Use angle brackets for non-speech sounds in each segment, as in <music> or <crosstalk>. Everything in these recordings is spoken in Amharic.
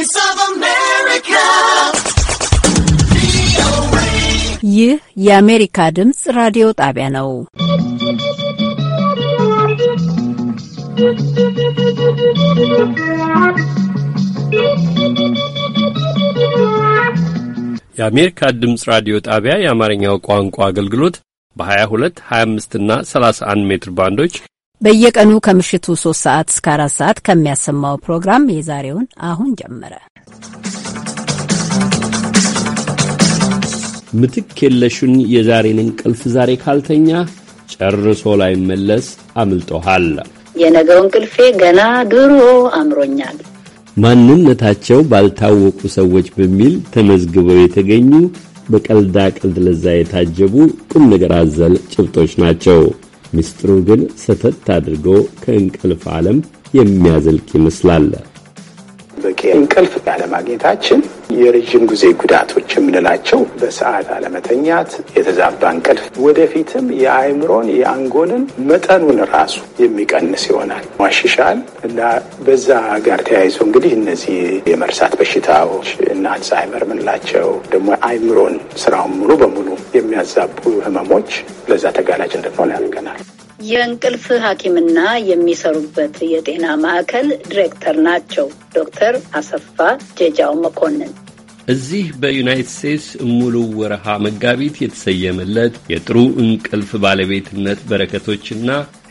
Voice ይህ የአሜሪካ ድምፅ ራዲዮ ጣቢያ ነው። የአሜሪካ ድምፅ ራዲዮ ጣቢያ የአማርኛው ቋንቋ አገልግሎት በ22፣ 25 እና 31 ሜትር ባንዶች በየቀኑ ከምሽቱ ሶስት ሰዓት እስከ 4 ሰዓት ከሚያሰማው ፕሮግራም የዛሬውን አሁን ጀመረ። ምትክ የለሹን የዛሬን እንቅልፍ ዛሬ ካልተኛ ጨርሶ ላይ መለስ አምልጦሃል። የነገው እንቅልፌ ገና ድሮ አምሮኛል። ማንነታቸው ባልታወቁ ሰዎች በሚል ተመዝግበው የተገኙ በቀልዳ ቀልድ ለዛ የታጀቡ ቁም ነገር አዘል ጭብጦች ናቸው። ምስጢሩ ግን ሰተት አድርጎ ከእንቅልፍ ዓለም የሚያዘልቅ ይመስላል። በቂ እንቅልፍ ያለማግኘታችን የረዥም ጊዜ ጉዳቶች የምንላቸው በሰዓት አለመተኛት፣ የተዛባ እንቅልፍ ወደፊትም የአእምሮን የአንጎልን መጠኑን ራሱ የሚቀንስ ይሆናል ማሽሻል እና በዛ ጋር ተያይዞ እንግዲህ እነዚህ የመርሳት በሽታዎች እና አልዛይመር ምንላቸው ደግሞ አእምሮን ስራውን ሙሉ በሙሉ የሚያዛቡ ህመሞች ለዛ ተጋላጭ እንድንሆን ያደርገናል። የእንቅልፍ ሐኪምና የሚሰሩበት የጤና ማዕከል ዲሬክተር ናቸው ዶክተር አሰፋ ጀጃው መኮንን። እዚህ በዩናይት ስቴትስ ሙሉ ወረሃ መጋቢት የተሰየመለት የጥሩ እንቅልፍ ባለቤትነት በረከቶችና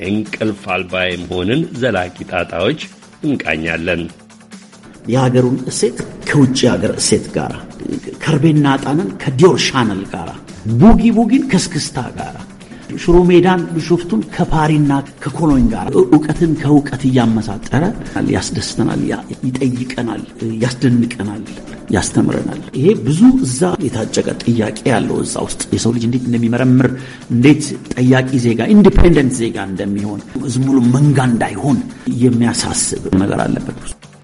እንቅልፍ አልባ የመሆንን ዘላቂ ጣጣዎች እንቃኛለን። የሀገሩን እሴት ከውጭ ሀገር እሴት ጋር፣ ከርቤና ጣንን ከዲዮር ሻነል ጋር፣ ቡጊ ቡጊን ከስክስታ ጋር ሽሮ ሜዳን ብሾፍቱን ከፓሪና ከኮሎኝ ጋር እውቀትን ከእውቀት እያመሳጠረ ያስደስተናል፣ ይጠይቀናል፣ ያስደንቀናል፣ ያስተምረናል። ይሄ ብዙ እዛ የታጨቀ ጥያቄ ያለው እዛ ውስጥ የሰው ልጅ እንዴት እንደሚመረምር እንዴት ጠያቂ ዜጋ ኢንዲፔንደንት ዜጋ እንደሚሆን ዝሙሉ መንጋ እንዳይሆን የሚያሳስብ ነገር አለበት።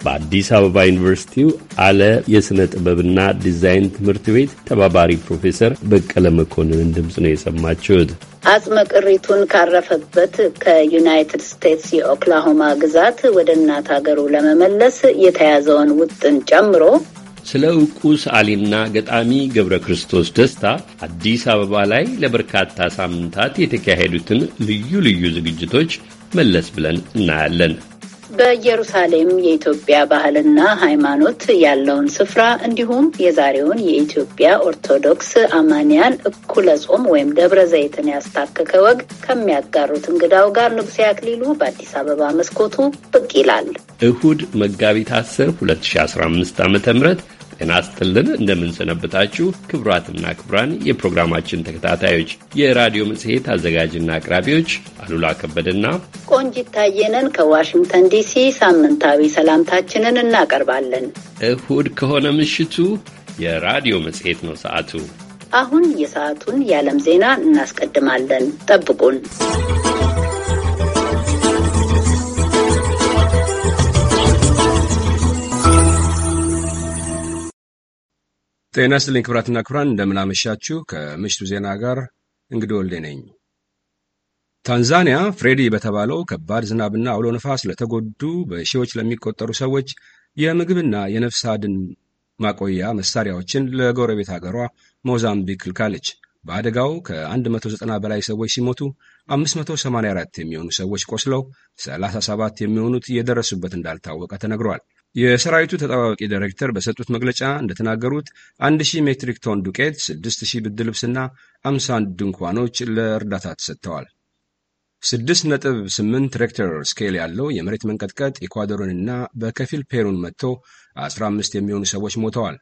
በአዲስ አበባ ዩኒቨርሲቲው አለ የሥነ ጥበብና ዲዛይን ትምህርት ቤት ተባባሪ ፕሮፌሰር በቀለ መኮንንን ድምፅ ነው የሰማችሁት። አጽመ ቅሪቱን ካረፈበት ከዩናይትድ ስቴትስ የኦክላሆማ ግዛት ወደ እናት ሀገሩ ለመመለስ የተያዘውን ውጥን ጨምሮ ስለ ውቁ ሰዓሊና ገጣሚ ገብረ ክርስቶስ ደስታ አዲስ አበባ ላይ ለበርካታ ሳምንታት የተካሄዱትን ልዩ ልዩ ዝግጅቶች መለስ ብለን እናያለን። በኢየሩሳሌም የኢትዮጵያ ባህልና ሃይማኖት ያለውን ስፍራ እንዲሁም የዛሬውን የኢትዮጵያ ኦርቶዶክስ አማንያን እኩለ ጾም ወይም ደብረ ዘይትን ያስታከከ ወግ ከሚያጋሩት እንግዳው ጋር ንጉሴ አክሊሉ በአዲስ አበባ መስኮቱ ብቅ ይላል። እሁድ መጋቢት 10 2015 ዓ ም ጤና ስጥልን እንደምንሰነብታችሁ ክቡራትና ክቡራን የፕሮግራማችን ተከታታዮች የራዲዮ መጽሔት አዘጋጅና አቅራቢዎች አሉላ ከበደና ቆንጂት ታየነን ከዋሽንግተን ዲሲ ሳምንታዊ ሰላምታችንን እናቀርባለን። እሁድ ከሆነ ምሽቱ የራዲዮ መጽሔት ነው ሰዓቱ። አሁን የሰዓቱን የዓለም ዜና እናስቀድማለን። ጠብቁን። ጤና ይስጥልኝ ክብራትና ክብራን፣ እንደምናመሻችሁ። ከምሽቱ ዜና ጋር እንግዲህ ወልዴ ነኝ። ታንዛኒያ ፍሬዲ በተባለው ከባድ ዝናብና አውሎ ነፋስ ለተጎዱ በሺዎች ለሚቆጠሩ ሰዎች የምግብና የነፍስ አድን ማቆያ መሳሪያዎችን ለጎረቤት አገሯ ሞዛምቢክ ልካለች። በአደጋው ከ190 በላይ ሰዎች ሲሞቱ 584 የሚሆኑ ሰዎች ቆስለው 37 የሚሆኑት የደረሱበት እንዳልታወቀ ተነግሯል። የሰራዊቱ ተጠባባቂ ዳይሬክተር በሰጡት መግለጫ እንደተናገሩት 1000 ሜትሪክ ቶን ዱቄት፣ 6000 ብርድ ልብስና 50 ድንኳኖች ለእርዳታ ተሰጥተዋል። 6.8 ሬክተር ስኬል ያለው የመሬት መንቀጥቀጥ ኢኳዶርንና በከፊል ፔሩን መጥቶ 15 የሚሆኑ ሰዎች ሞተዋል።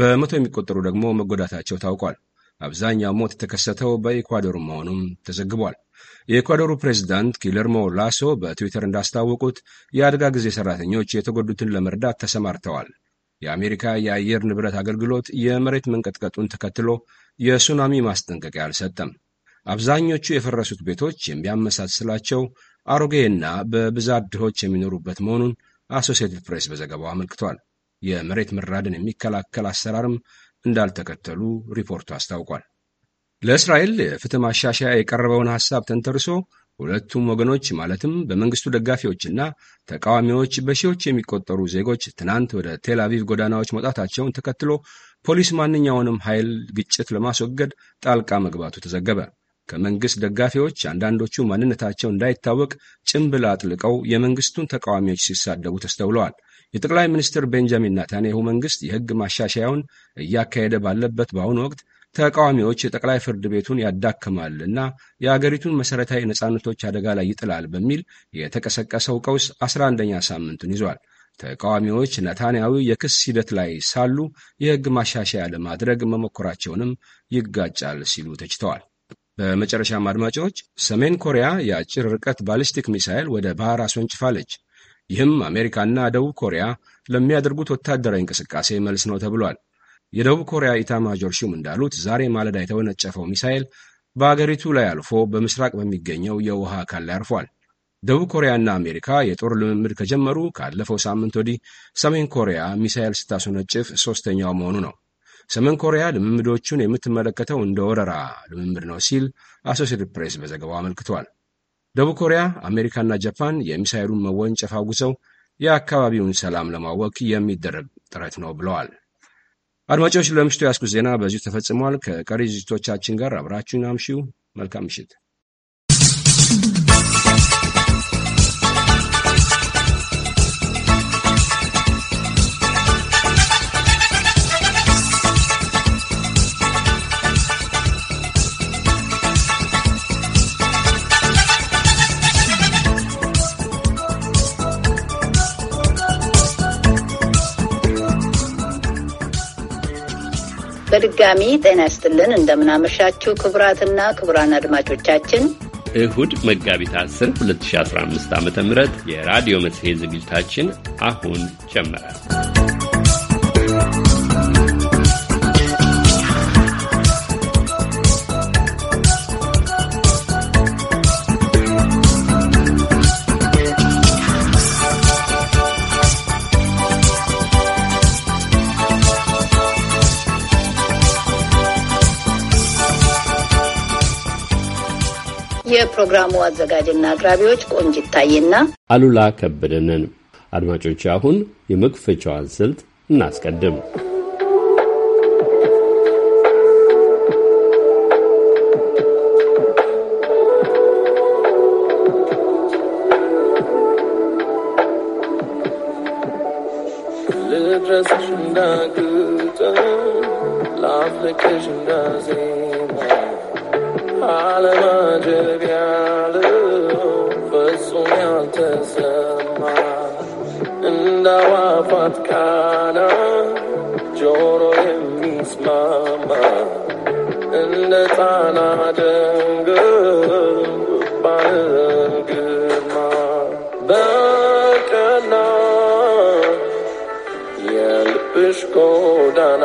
በመቶ የሚቆጠሩ ደግሞ መጎዳታቸው ታውቋል። አብዛኛው ሞት የተከሰተው በኢኳዶር መሆኑም ተዘግቧል። የኢኳዶሩ ፕሬዚዳንት ኪለርሞ ላሶ በትዊተር እንዳስታወቁት የአደጋ ጊዜ ሠራተኞች የተጎዱትን ለመርዳት ተሰማርተዋል። የአሜሪካ የአየር ንብረት አገልግሎት የመሬት መንቀጥቀጡን ተከትሎ የሱናሚ ማስጠንቀቂያ አልሰጠም። አብዛኞቹ የፈረሱት ቤቶች የሚያመሳስላቸው አሮጌና በብዛት ድሆች የሚኖሩበት መሆኑን አሶሲየትድ ፕሬስ በዘገባው አመልክቷል። የመሬት መራድን የሚከላከል አሰራርም እንዳልተከተሉ ሪፖርቱ አስታውቋል። ለእስራኤል የፍትህ ማሻሻያ የቀረበውን ሐሳብ ተንተርሶ ሁለቱም ወገኖች ማለትም በመንግስቱ ደጋፊዎችና ተቃዋሚዎች በሺዎች የሚቆጠሩ ዜጎች ትናንት ወደ ቴል አቪቭ ጎዳናዎች መውጣታቸውን ተከትሎ ፖሊስ ማንኛውንም ኃይል ግጭት ለማስወገድ ጣልቃ መግባቱ ተዘገበ። ከመንግስት ደጋፊዎች አንዳንዶቹ ማንነታቸው እንዳይታወቅ ጭምብል አጥልቀው የመንግስቱን ተቃዋሚዎች ሲሳደቡ ተስተውለዋል። የጠቅላይ ሚኒስትር ቤንጃሚን ናታንያሁ መንግስት የህግ ማሻሻያውን እያካሄደ ባለበት በአሁኑ ወቅት ተቃዋሚዎች የጠቅላይ ፍርድ ቤቱን ያዳክማል እና የአገሪቱን መሠረታዊ ነፃነቶች አደጋ ላይ ይጥላል በሚል የተቀሰቀሰው ቀውስ 11ኛ ሳምንቱን ይዟል። ተቃዋሚዎች ነታንያዊ የክስ ሂደት ላይ ሳሉ የህግ ማሻሻያ ለማድረግ መሞከራቸውንም ይጋጫል ሲሉ ተችተዋል። በመጨረሻም አድማጮች፣ ሰሜን ኮሪያ የአጭር ርቀት ባሊስቲክ ሚሳይል ወደ ባህር አስወንጭፋለች። ይህም አሜሪካና ደቡብ ኮሪያ ለሚያደርጉት ወታደራዊ እንቅስቃሴ መልስ ነው ተብሏል። የደቡብ ኮሪያ ኢታማጆር ሹም እንዳሉት ዛሬ ማለዳ የተወነጨፈው ሚሳኤል በአገሪቱ ላይ አልፎ በምስራቅ በሚገኘው የውሃ አካል ላይ አርፏል። ደቡብ ኮሪያና አሜሪካ የጦር ልምምድ ከጀመሩ ካለፈው ሳምንት ወዲህ ሰሜን ኮሪያ ሚሳኤል ስታስወነጭፍ ሦስተኛው መሆኑ ነው። ሰሜን ኮሪያ ልምምዶቹን የምትመለከተው እንደ ወረራ ልምምድ ነው ሲል አሶሴትድ ፕሬስ በዘገባው አመልክቷል። ደቡብ ኮሪያ፣ አሜሪካና ጃፓን የሚሳይሉን መወንጨፍ አውግዘው የአካባቢውን ሰላም ለማወክ የሚደረግ ጥረት ነው ብለዋል። አድማጮች፣ ለምሽቱ ያስኩት ዜና በዚሁ ተፈጽሟል። ከቀሪ ዝግጅቶቻችን ጋር አብራችሁን አምሽው። መልካም ምሽት። በድጋሚ ጤና ይስጥልን። እንደምናመሻችሁ ክቡራትና ክቡራን አድማጮቻችን እሁድ መጋቢት 10 2015 ዓ ም የራዲዮ መጽሔት ዝግጅታችን አሁን ጀመረ። የፕሮግራሙ አዘጋጅና አቅራቢዎች ቆንጅ ይታይና አሉላ ከበደንን። አድማጮች አሁን የመክፈቻዋን ስልት እናስቀድም። Dress the good, አለማጀብ ያለው ፍጹም ያልተሰማ እንደ አዕዋፋት ቃና ጆሮ የሚስማማ እንደ ጣና ደንግል ባንን ግርማ በቀና የልብሽ ጎዳና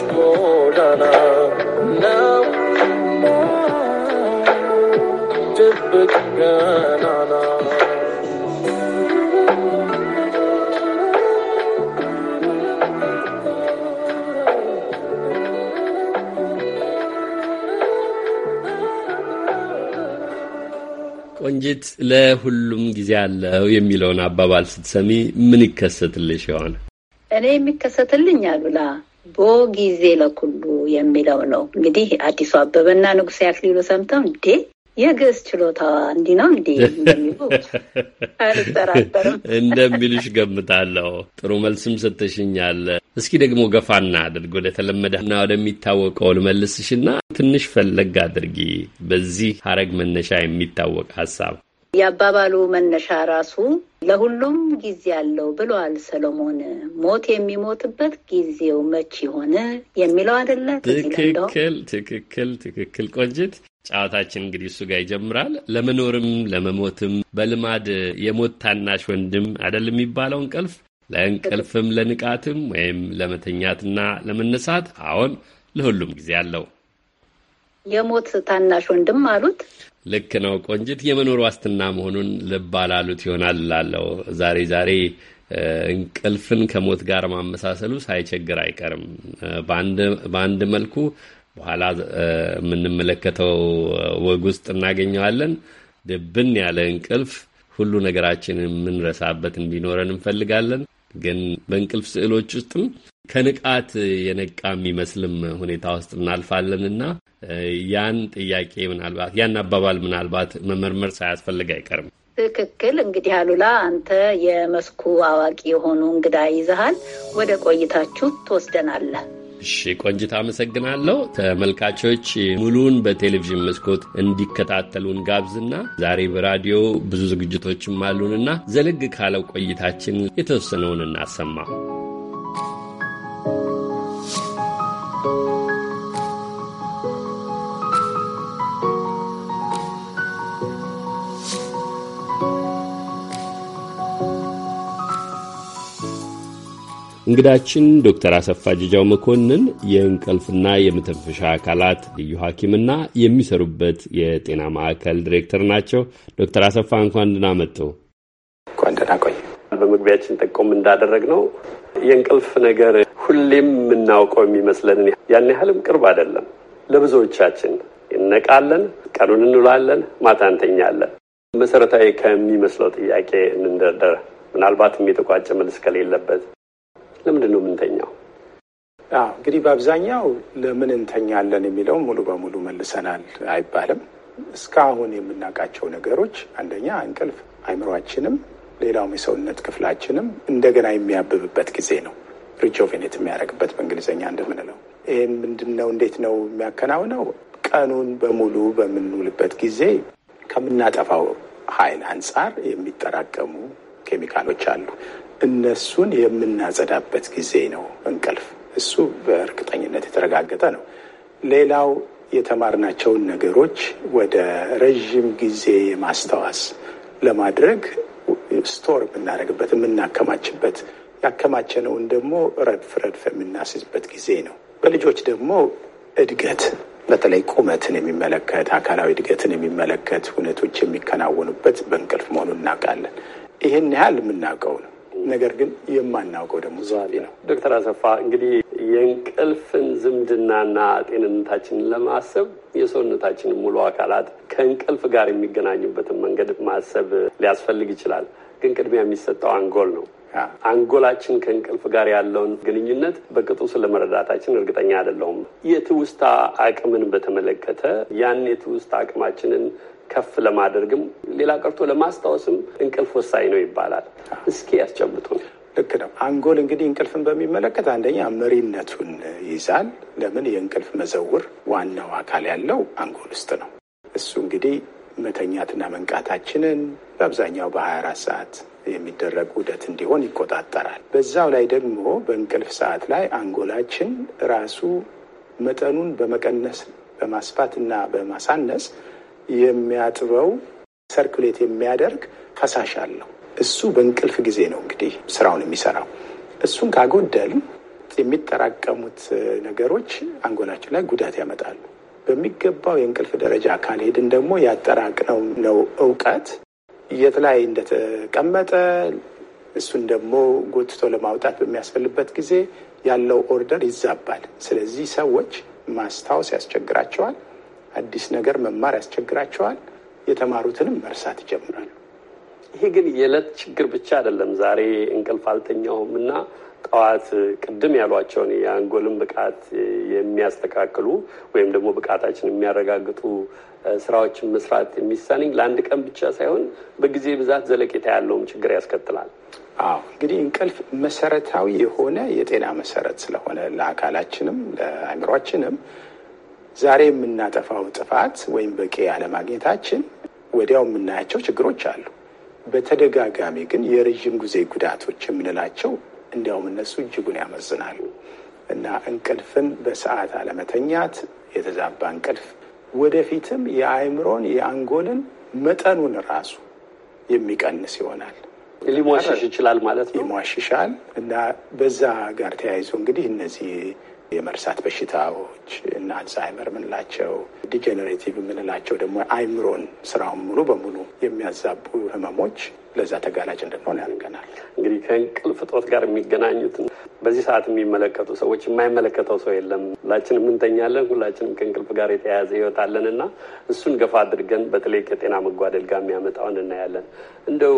አዲስ ጎዳና ነው ድብቅ ገናና ቆንጂት ለሁሉም ጊዜ አለው የሚለውን አባባል ስትሰሚ ምን ይከሰትልሽ ይሆን? እኔ የሚከሰትልኝ አሉላ ቦ ጊዜ ለኩሉ የሚለው ነው። እንግዲህ አዲሱ አበበና ንጉሴ አክሊሉ ሰምተው እንዴ የግዕዝ ችሎታዋ እንዲህ ነው እንዲ እንደሚሉ አልጠራጠርም <laughs> እንደሚልሽ ገምታለሁ። ጥሩ መልስም ሰተሽኛል። እስኪ ደግሞ ገፋና አድርግ ወደ ተለመደና ወደሚታወቀው ልመልስሽና ትንሽ ፈለግ አድርጊ። በዚህ ሀረግ መነሻ የሚታወቅ ሀሳብ የአባባሉ መነሻ ራሱ ለሁሉም ጊዜ አለው ብለዋል ሰሎሞን። ሞት የሚሞትበት ጊዜው መች ይሆን የሚለው አይደለ? ትክክል፣ ትክክል፣ ትክክል ቆንጅት። ጨዋታችን እንግዲህ እሱ ጋር ይጀምራል። ለመኖርም ለመሞትም በልማድ የሞት ታናሽ ወንድም አይደል የሚባለው እንቅልፍ። ለእንቅልፍም ለንቃትም ወይም ለመተኛትና ለመነሳት አዎን፣ ለሁሉም ጊዜ አለው። የሞት ታናሽ ወንድም አሉት። ልክ ነው ቆንጅት፣ የመኖር ዋስትና መሆኑን ልብ አላሉት ይሆናል ላለው ዛሬ ዛሬ እንቅልፍን ከሞት ጋር ማመሳሰሉ ሳይቸግር አይቀርም። በአንድ መልኩ በኋላ የምንመለከተው ወግ ውስጥ እናገኘዋለን። ድብን ያለ እንቅልፍ ሁሉ ነገራችንን የምንረሳበት እንዲኖረን እንፈልጋለን። ግን በእንቅልፍ ስዕሎች ውስጥም ከንቃት የነቃ የሚመስልም ሁኔታ ውስጥ እናልፋለን እና ያን ጥያቄ ምናልባት ያን አባባል ምናልባት መመርመር ሳያስፈልግ አይቀርም። ትክክል። እንግዲህ አሉላ፣ አንተ የመስኩ አዋቂ የሆኑ እንግዳ ይዘሃል፣ ወደ ቆይታችሁ ትወስደናለህ። እሺ ቆንጅታ፣ አመሰግናለሁ። ተመልካቾች ሙሉውን በቴሌቪዥን መስኮት እንዲከታተሉን ጋብዝና ዛሬ በራዲዮ ብዙ ዝግጅቶችም አሉንና ዘለግ ካለው ቆይታችን የተወሰነውን እናሰማ። እንግዳችን ዶክተር አሰፋ ጅጃው መኮንን የእንቅልፍና የመተንፈሻ አካላት ልዩ ሐኪምና የሚሰሩበት የጤና ማዕከል ዲሬክተር ናቸው። ዶክተር አሰፋ እንኳን ደህና መጡ። እንኳን ደህና ቆዩ። በመግቢያችን ጠቆም እንዳደረግ ነው የእንቅልፍ ነገር ሁሌም የምናውቀው የሚመስለንን ያን ያህልም ቅርብ አይደለም ለብዙዎቻችን። እነቃለን፣ ቀኑን እንውላለን፣ ማታ እንተኛለን። መሰረታዊ ከሚመስለው ጥያቄ እንንደርደር፣ ምናልባትም የተቋጨ መልስ ከሌለበት ለምንድን ነው የምንተኛው? እንግዲህ በአብዛኛው ለምን እንተኛለን የሚለው ሙሉ በሙሉ መልሰናል አይባልም። እስካሁን የምናውቃቸው ነገሮች አንደኛ እንቅልፍ አይምሯችንም ሌላውም የሰውነት ክፍላችንም እንደገና የሚያብብበት ጊዜ ነው። ሪጆቬኔት የሚያደርግበት በእንግሊዝኛ እንደምንለው ይህም ምንድን ነው? እንዴት ነው የሚያከናውነው? ቀኑን በሙሉ በምንውልበት ጊዜ ከምናጠፋው ኃይል አንጻር የሚጠራቀሙ ኬሚካሎች አሉ። እነሱን የምናጸዳበት ጊዜ ነው እንቅልፍ። እሱ በእርግጠኝነት የተረጋገጠ ነው። ሌላው የተማርናቸውን ነገሮች ወደ ረዥም ጊዜ ማስታወስ ለማድረግ ስቶር የምናደርግበት የምናከማችበት ያከማቸነውን ደግሞ ረድፍ ረድፍ የምናስዝበት ጊዜ ነው። በልጆች ደግሞ እድገት በተለይ ቁመትን የሚመለከት አካላዊ እድገትን የሚመለከት እውነቶች የሚከናወኑበት በእንቅልፍ መሆኑን እናውቃለን። ይህን ያህል የምናውቀው ነው። ነገር ግን የማናውቀው ደግሞ ሰፊ ነው። ዶክተር አሰፋ እንግዲህ የእንቅልፍን ዝምድናና ጤንነታችንን ለማሰብ የሰውነታችንን ሙሉ አካላት ከእንቅልፍ ጋር የሚገናኙበትን መንገድ ማሰብ ሊያስፈልግ ይችላል። ግን ቅድሚያ የሚሰጠው አንጎል ነው። አንጎላችን ከእንቅልፍ ጋር ያለውን ግንኙነት በቅጡ ስለመረዳታችን እርግጠኛ አይደለሁም። የትውስታ አቅምን በተመለከተ ያን የትውስታ አቅማችንን ከፍ ለማድረግም ሌላ ቀርቶ ለማስታወስም እንቅልፍ ወሳኝ ነው ይባላል። እስኪ ያስጨብጡ። ልክ ነው። አንጎል እንግዲህ እንቅልፍን በሚመለከት አንደኛ መሪነቱን ይይዛል። ለምን የእንቅልፍ መዘውር ዋናው አካል ያለው አንጎል ውስጥ ነው። እሱ እንግዲህ መተኛትና መንቃታችንን በአብዛኛው በ24 ሰዓት የሚደረግ ውደት እንዲሆን ይቆጣጠራል። በዛው ላይ ደግሞ በእንቅልፍ ሰዓት ላይ አንጎላችን ራሱ መጠኑን በመቀነስ በማስፋትና በማሳነስ የሚያጥበው ሰርኩሌት የሚያደርግ ፈሳሽ አለው። እሱ በእንቅልፍ ጊዜ ነው እንግዲህ ስራውን የሚሰራው። እሱን ካጎደል የሚጠራቀሙት ነገሮች አንጎላችን ላይ ጉዳት ያመጣሉ። በሚገባው የእንቅልፍ ደረጃ ካልሄድን ደግሞ ያጠራቅነው ነው እውቀት የት ላይ እንደተቀመጠ እሱን ደግሞ ጎትቶ ለማውጣት በሚያስፈልበት ጊዜ ያለው ኦርደር ይዛባል። ስለዚህ ሰዎች ማስታወስ ያስቸግራቸዋል። አዲስ ነገር መማር ያስቸግራቸዋል። የተማሩትንም መርሳት ይጀምራሉ። ይሄ ግን የዕለት ችግር ብቻ አይደለም። ዛሬ እንቅልፍ አልተኛውም እና ጠዋት ቅድም ያሏቸውን የአንጎልን ብቃት የሚያስተካክሉ ወይም ደግሞ ብቃታችን የሚያረጋግጡ ስራዎችን መስራት የሚሳኝ ለአንድ ቀን ብቻ ሳይሆን በጊዜ ብዛት ዘለቄታ ያለውም ችግር ያስከትላል። አዎ እንግዲህ እንቅልፍ መሰረታዊ የሆነ የጤና መሰረት ስለሆነ ለአካላችንም ለአእምሯችንም ዛሬ የምናጠፋው ጥፋት ወይም በቂ አለማግኘታችን ወዲያው የምናያቸው ችግሮች አሉ። በተደጋጋሚ ግን የረዥም ጊዜ ጉዳቶች የምንላቸው እንዲያውም እነሱ እጅጉን ያመዝናሉ እና እንቅልፍን በሰዓት አለመተኛት፣ የተዛባ እንቅልፍ ወደፊትም የአእምሮን የአንጎልን መጠኑን ራሱ የሚቀንስ ይሆናል። ሊሟሽሽ ይችላል ማለት ነው። ይሟሽሻል እና በዛ ጋር ተያይዞ እንግዲህ እነዚህ የመርሳት በሽታዎች እና አልዛይመር ምንላቸው ዲጀነሬቲቭ የምንላቸው ደግሞ አይምሮን ስራውን ሙሉ በሙሉ የሚያዛቡ ህመሞች ለዛ ተጋላጭ እንድንሆን ያደርገናል። እንግዲህ ከእንቅልፍ እጦት ጋር የሚገናኙትን በዚህ ሰዓት የሚመለከቱ ሰዎች የማይመለከተው ሰው የለም። ሁላችንም እንተኛለን፣ ሁላችንም ከእንቅልፍ ጋር የተያያዘ ህይወት አለን እና እሱን ገፋ አድርገን በተለይ ከጤና መጓደል ጋር የሚያመጣውን እናያለን እንደው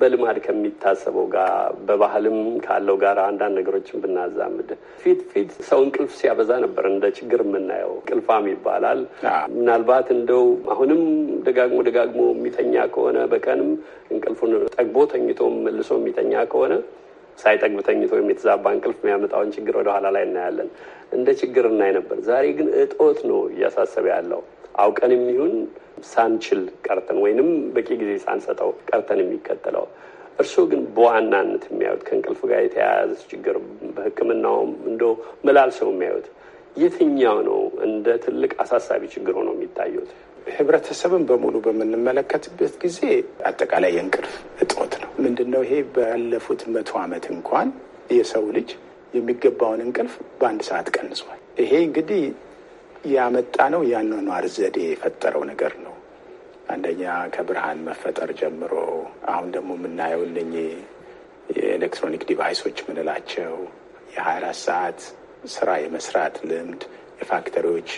በልማድ ከሚታሰበው ጋር በባህልም ካለው ጋር አንዳንድ ነገሮችን ብናዛምድ ፊት ፊት ሰው እንቅልፍ ሲያበዛ ነበር እንደ ችግር የምናየው። ቅልፋም ይባላል። ምናልባት እንደው አሁንም ደጋግሞ ደጋግሞ የሚተኛ ከሆነ በቀንም እንቅልፉን ጠግቦ ተኝቶ መልሶ የሚተኛ ከሆነ ሳይጠግብ ተኝቶ የተዛባ እንቅልፍ የሚያመጣውን ችግር ወደ ኋላ ላይ እናያለን። እንደ ችግር እናይ ነበር። ዛሬ ግን እጦት ነው እያሳሰበ ያለው አውቀን የሚሆን ሳንችል ቀርተን ወይንም በቂ ጊዜ ሳንሰጠው ቀርተን የሚከተለው እርስዎ ግን በዋናነት የሚያዩት ከእንቅልፍ ጋር የተያያዘ ችግር በሕክምናውም እንደው ሰው የሚያዩት የትኛው ነው? እንደ ትልቅ አሳሳቢ ችግር ሆኖ የሚታዩት? ህብረተሰብን በሙሉ በምንመለከትበት ጊዜ አጠቃላይ የእንቅልፍ እጦት ነው። ምንድን ነው ይሄ? ባለፉት መቶ ዓመት እንኳን የሰው ልጅ የሚገባውን እንቅልፍ በአንድ ሰዓት ቀንሷል። ይሄ እንግዲህ ያመጣ ነው ያኗኗር ዘዴ የፈጠረው ነገር ነው። አንደኛ ከብርሃን መፈጠር ጀምሮ አሁን ደግሞ የምናየው እነኚህ የኤሌክትሮኒክ ዲቫይሶች ምንላቸው የ24 ሰዓት ስራ የመስራት ልምድ የፋክተሪዎች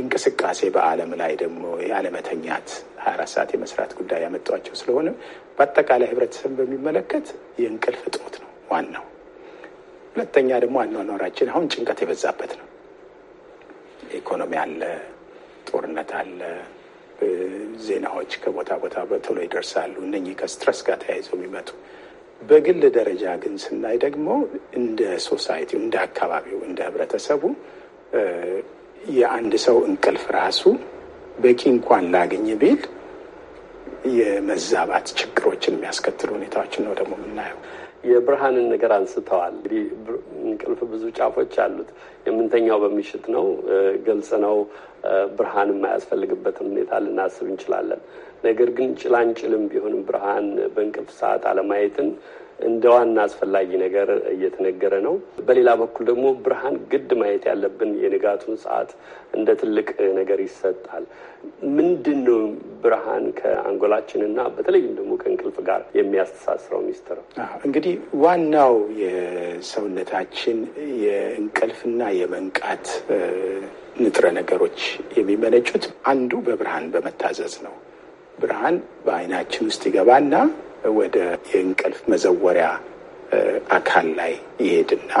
እንቅስቃሴ በዓለም ላይ ደግሞ ያለመተኛት 24 ሰዓት የመስራት ጉዳይ ያመጧቸው ስለሆነ በአጠቃላይ ህብረተሰብ በሚመለከት የእንቅልፍ እጦት ነው ዋናው። ሁለተኛ ደግሞ አኗኗራችን አሁን ጭንቀት የበዛበት ነው። ኢኮኖሚ አለ፣ ጦርነት አለ፣ ዜናዎች ከቦታ ቦታ በቶሎ ይደርሳሉ። እነኚህ ከስትረስ ጋር ተያይዘው የሚመጡ በግል ደረጃ ግን ስናይ ደግሞ እንደ ሶሳይቲው፣ እንደ አካባቢው፣ እንደ ህብረተሰቡ የአንድ ሰው እንቅልፍ ራሱ በቂ እንኳን ላገኝ ቢል የመዛባት ችግሮችን የሚያስከትሉ ሁኔታዎችን ነው ደግሞ የምናየው። የብርሃንን ነገር አንስተዋል። እንግዲህ እንቅልፍ ብዙ ጫፎች አሉት። የምንተኛው በምሽት ነው፣ ግልጽ ነው። ብርሃን የማያስፈልግበትን ሁኔታ ልናስብ እንችላለን። ነገር ግን ጭላንጭልም ቢሆንም ብርሃን በእንቅልፍ ሰዓት አለማየትን እንደ ዋና አስፈላጊ ነገር እየተነገረ ነው። በሌላ በኩል ደግሞ ብርሃን ግድ ማየት ያለብን የንጋቱን ሰዓት እንደ ትልቅ ነገር ይሰጣል። ምንድን ነው ብርሃን ከአንጎላችን እና በተለይም ደግሞ ከእንቅልፍ ጋር የሚያስተሳስረው ሚስጥር? እንግዲህ ዋናው የሰውነታችን የእንቅልፍና የመንቃት ንጥረ ነገሮች የሚመነጩት አንዱ በብርሃን በመታዘዝ ነው። ብርሃን በአይናችን ውስጥ ይገባና ወደ የእንቅልፍ መዘወሪያ አካል ላይ ይሄድና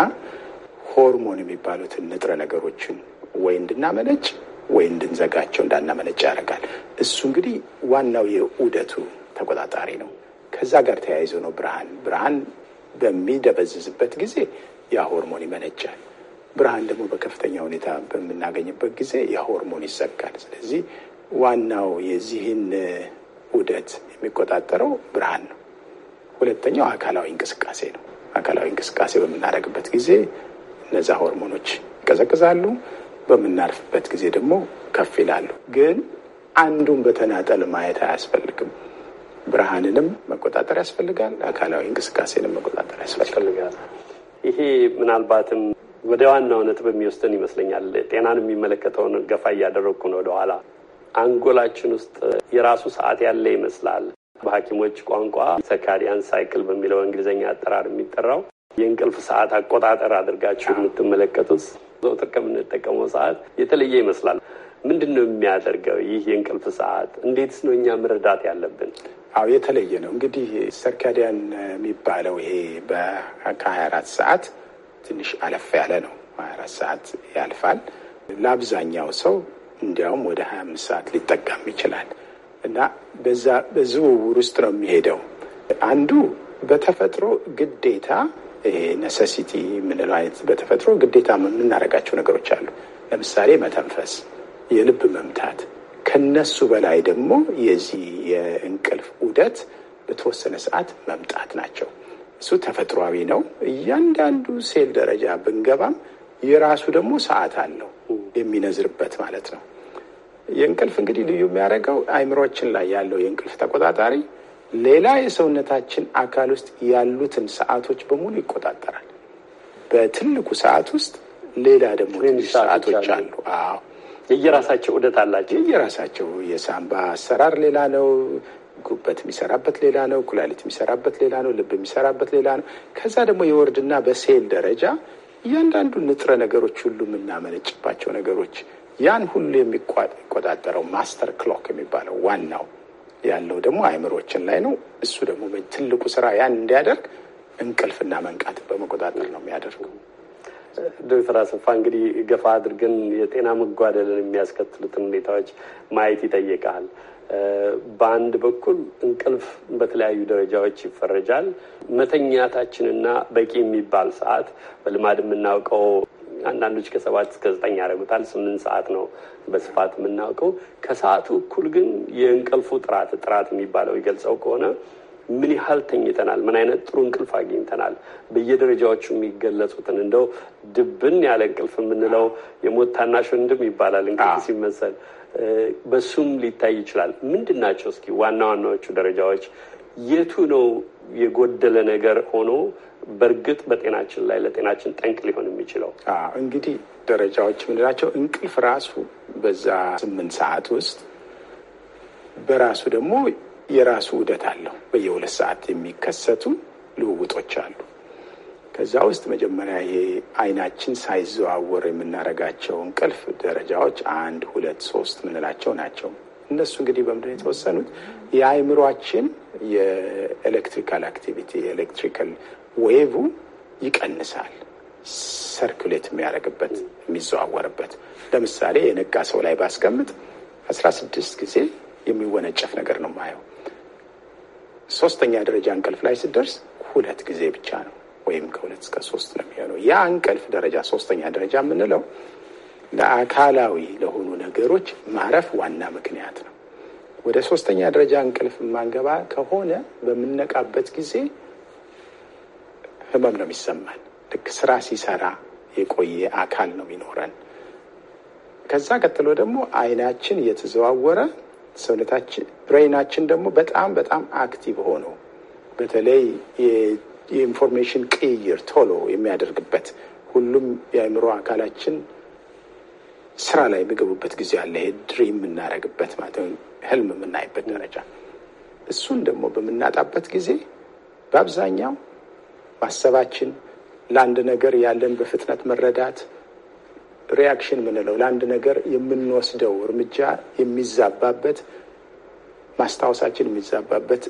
ሆርሞን የሚባሉትን ንጥረ ነገሮችን ወይ እንድናመነጭ ወይ እንድንዘጋቸው እንዳናመነጭ ያደርጋል። እሱ እንግዲህ ዋናው የዑደቱ ተቆጣጣሪ ነው። ከዛ ጋር ተያይዞ ነው ብርሃን ብርሃን በሚደበዝዝበት ጊዜ ያ ሆርሞን ይመነጫል። ብርሃን ደግሞ በከፍተኛ ሁኔታ በምናገኝበት ጊዜ ያ ሆርሞን ይዘጋል። ስለዚህ ዋናው የዚህን ውደት የሚቆጣጠረው ብርሃን ነው። ሁለተኛው አካላዊ እንቅስቃሴ ነው። አካላዊ እንቅስቃሴ በምናደርግበት ጊዜ እነዛ ሆርሞኖች ይቀዘቅዛሉ። በምናርፍበት ጊዜ ደግሞ ከፍ ይላሉ። ግን አንዱን በተናጠል ማየት አያስፈልግም። ብርሃንንም መቆጣጠር ያስፈልጋል። አካላዊ እንቅስቃሴንም መቆጣጠር ያስፈልጋል። ይሄ ምናልባትም ወደ ዋናው ነጥብ የሚወስደን ይመስለኛል። ጤናን የሚመለከተውን ገፋ እያደረግኩ ነው ወደኋላ አንጎላችን ውስጥ የራሱ ሰዓት ያለ ይመስላል። በሐኪሞች ቋንቋ ሰካዲያን ሳይክል በሚለው እንግሊዝኛ አጠራር የሚጠራው የእንቅልፍ ሰዓት አቆጣጠር አድርጋችሁ የምትመለከቱት ዘውትር ከምንጠቀመው ሰዓት የተለየ ይመስላል። ምንድን ነው የሚያደርገው ይህ የእንቅልፍ ሰዓት? እንዴትስ ነው እኛ መረዳት ያለብን? አዎ የተለየ ነው። እንግዲህ ሰርካዲያን የሚባለው ይሄ ከሀያ አራት ሰዓት ትንሽ አለፍ ያለ ነው። ሀያ አራት ሰዓት ያልፋል። ለአብዛኛው ሰው እንዲያውም ወደ 25 ሰዓት ሊጠጋም ይችላል እና በዛ በዝውውር ውስጥ ነው የሚሄደው። አንዱ በተፈጥሮ ግዴታ ነሰሲቲ የምንለው አይነት በተፈጥሮ ግዴታ የምናደርጋቸው ነገሮች አሉ። ለምሳሌ መተንፈስ፣ የልብ መምታት ከነሱ በላይ ደግሞ የዚህ የእንቅልፍ ውደት በተወሰነ ሰዓት መምጣት ናቸው። እሱ ተፈጥሯዊ ነው። እያንዳንዱ ሴል ደረጃ ብንገባም የራሱ ደግሞ ሰዓት አለው የሚነዝርበት ማለት ነው። የእንቅልፍ እንግዲህ ልዩ የሚያደርገው አይምሮችን ላይ ያለው የእንቅልፍ ተቆጣጣሪ ሌላ የሰውነታችን አካል ውስጥ ያሉትን ሰዓቶች በሙሉ ይቆጣጠራል። በትልቁ ሰዓት ውስጥ ሌላ ደግሞ ሰዓቶች አሉ። አዎ የየራሳቸው ዑደት አላቸው። የየራሳቸው የሳምባ አሰራር ሌላ ነው። ጉበት የሚሰራበት ሌላ ነው። ኩላሊት የሚሰራበት ሌላ ነው። ልብ የሚሰራበት ሌላ ነው። ከዛ ደግሞ የወርድና በሴል ደረጃ እያንዳንዱ ንጥረ ነገሮች ሁሉ የምናመነጭባቸው ነገሮች ያን ሁሉ የሚቆጣጠረው ማስተር ክሎክ የሚባለው ዋናው ያለው ደግሞ አእምሮችን ላይ ነው። እሱ ደግሞ ትልቁ ስራ ያን እንዲያደርግ እንቅልፍና መንቃት በመቆጣጠር ነው የሚያደርገው። ዶክተር አሰፋ እንግዲህ ገፋ አድርገን የጤና መጓደልን የሚያስከትሉትን ሁኔታዎች ማየት ይጠይቃል። በአንድ በኩል እንቅልፍ በተለያዩ ደረጃዎች ይፈረጃል። መተኛታችንና በቂ የሚባል ሰዓት በልማድ የምናውቀው አንዳንዶች ከሰባት እስከ ዘጠኝ ያደርጉታል። ስምንት ሰዓት ነው በስፋት የምናውቀው። ከሰዓቱ እኩል ግን የእንቅልፉ ጥራት ጥራት የሚባለው ይገልጸው ከሆነ ምን ያህል ተኝተናል? ምን አይነት ጥሩ እንቅልፍ አግኝተናል? በየደረጃዎቹ የሚገለጹትን እንደው ድብን ያለ እንቅልፍ የምንለው የሞት ታናሽ ወንድም ይባላል እንቅልፍ ሲመሰል በሱም ሊታይ ይችላል። ምንድን ናቸው እስኪ ዋና ዋናዎቹ ደረጃዎች? የቱ ነው የጎደለ ነገር ሆኖ በእርግጥ በጤናችን ላይ ለጤናችን ጠንቅ ሊሆን የሚችለው እንግዲህ ደረጃዎች የምንላቸው እንቅልፍ ራሱ በዛ ስምንት ሰዓት ውስጥ በራሱ ደግሞ የራሱ ውደት አለው። በየሁለት ሰዓት የሚከሰቱ ልውውጦች አሉ። ከዛ ውስጥ መጀመሪያ ይሄ አይናችን ሳይዘዋወር የምናደርጋቸው እንቅልፍ ደረጃዎች አንድ፣ ሁለት፣ ሶስት ምንላቸው ናቸው። እነሱ እንግዲህ በምድ የተወሰኑት የአእምሯችን የኤሌክትሪካል አክቲቪቲ የኤሌክትሪካል ዌቡ ይቀንሳል። ሰርኩሌት የሚያደርግበት የሚዘዋወርበት ለምሳሌ የነቃ ሰው ላይ ባስቀምጥ አስራ ስድስት ጊዜ የሚወነጨፍ ነገር ነው ማየው። ሶስተኛ ደረጃ እንቅልፍ ላይ ስደርስ ሁለት ጊዜ ብቻ ነው ወይም ከሁለት እስከ ሶስት ነው የሚሆነው። ያ እንቅልፍ ደረጃ ሶስተኛ ደረጃ የምንለው ለአካላዊ ለሆኑ ነገሮች ማረፍ ዋና ምክንያት ነው። ወደ ሶስተኛ ደረጃ እንቅልፍ የማንገባ ከሆነ በምንነቃበት ጊዜ ህመም ነው የሚሰማን። ልክ ስራ ሲሰራ የቆየ አካል ነው የሚኖረን። ከዛ ቀጥሎ ደግሞ አይናችን እየተዘዋወረ ሰውነታችን ብሬናችን ደግሞ በጣም በጣም አክቲቭ ሆኖ በተለይ የኢንፎርሜሽን ቅይር ቶሎ የሚያደርግበት ሁሉም የአእምሮ አካላችን ስራ ላይ የሚገቡበት ጊዜ አለ። ድሪም የምናደርግበት ማለት ነው፣ ህልም የምናይበት ደረጃ። እሱን ደግሞ በምናጣበት ጊዜ በአብዛኛው ማሰባችን፣ ለአንድ ነገር ያለን በፍጥነት መረዳት ሪያክሽን የምንለው ለአንድ ነገር የምንወስደው እርምጃ የሚዛባበት ማስታወሳችን የሚዛባበት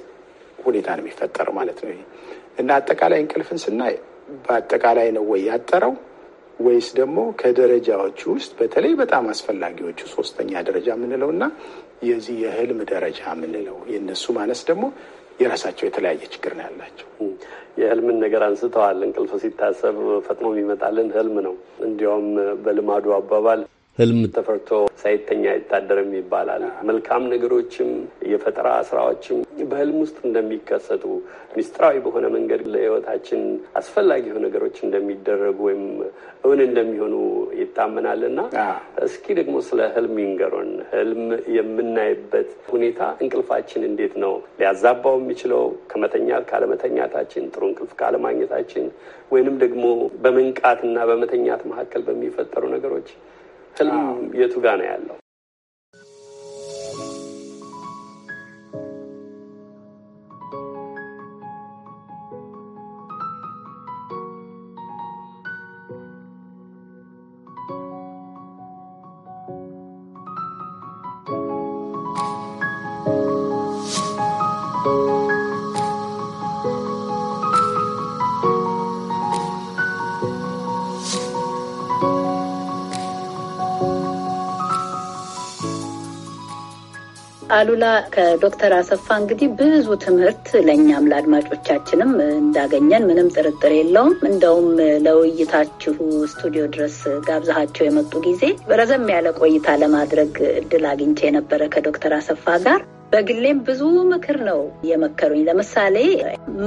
ሁኔታ ነው የሚፈጠር ማለት ነው። እና አጠቃላይ እንቅልፍን ስናይ በአጠቃላይ ነው ወይ ያጠረው ወይስ ደግሞ ከደረጃዎች ውስጥ በተለይ በጣም አስፈላጊዎቹ ሶስተኛ ደረጃ የምንለው እና የዚህ የህልም ደረጃ የምንለው የእነሱ ማነስ ደግሞ የራሳቸው የተለያየ ችግር ነው ያላቸው። የህልምን ነገር አንስተዋል። እንቅልፍ ሲታሰብ ፈጥኖ የሚመጣልን ህልም ነው። እንዲያውም በልማዱ አባባል ህልም ተፈርቶ ሳይተኛ አይታደርም ይባላል። መልካም ነገሮችም የፈጠራ ስራዎችም በህልም ውስጥ እንደሚከሰቱ ሚስጥራዊ በሆነ መንገድ ለህይወታችን አስፈላጊ ነገሮች እንደሚደረጉ ወይም እውን እንደሚሆኑ ይታመናልና እስኪ ደግሞ ስለ ህልም ይንገሩን። ህልም የምናይበት ሁኔታ እንቅልፋችን እንዴት ነው ሊያዛባው የሚችለው? ከመተኛ ካለመተኛታችን፣ ጥሩ እንቅልፍ ካለማግኘታችን፣ ወይንም ደግሞ በመንቃትና በመተኛት መካከል በሚፈጠሩ ነገሮች ህልም የቱ ጋ ነው ያለው? አሉላ ከዶክተር አሰፋ እንግዲህ ብዙ ትምህርት ለእኛም ለአድማጮቻችንም እንዳገኘን ምንም ጥርጥር የለውም። እንደውም ለውይይታችሁ ስቱዲዮ ድረስ ጋብዛሃቸው የመጡ ጊዜ ረዘም ያለ ቆይታ ለማድረግ እድል አግኝቼ የነበረ ከዶክተር አሰፋ ጋር በግሌም ብዙ ምክር ነው የመከሩኝ። ለምሳሌ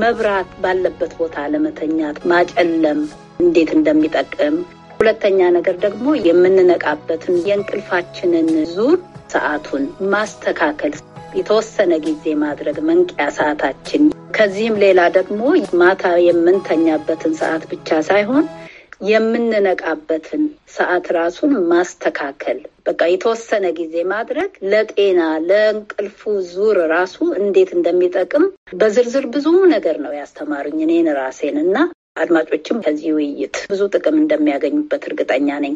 መብራት ባለበት ቦታ ለመተኛት ማጨለም እንዴት እንደሚጠቅም፣ ሁለተኛ ነገር ደግሞ የምንነቃበትን የእንቅልፋችንን ዙር ሰዓቱን ማስተካከል፣ የተወሰነ ጊዜ ማድረግ መንቂያ ሰዓታችን። ከዚህም ሌላ ደግሞ ማታ የምንተኛበትን ሰዓት ብቻ ሳይሆን የምንነቃበትን ሰዓት ራሱን ማስተካከል በቃ የተወሰነ ጊዜ ማድረግ ለጤና ለእንቅልፉ ዙር ራሱ እንዴት እንደሚጠቅም በዝርዝር ብዙ ነገር ነው ያስተማሩኝ እኔን ራሴን እና አድማጮችም ከዚህ ውይይት ብዙ ጥቅም እንደሚያገኙበት እርግጠኛ ነኝ።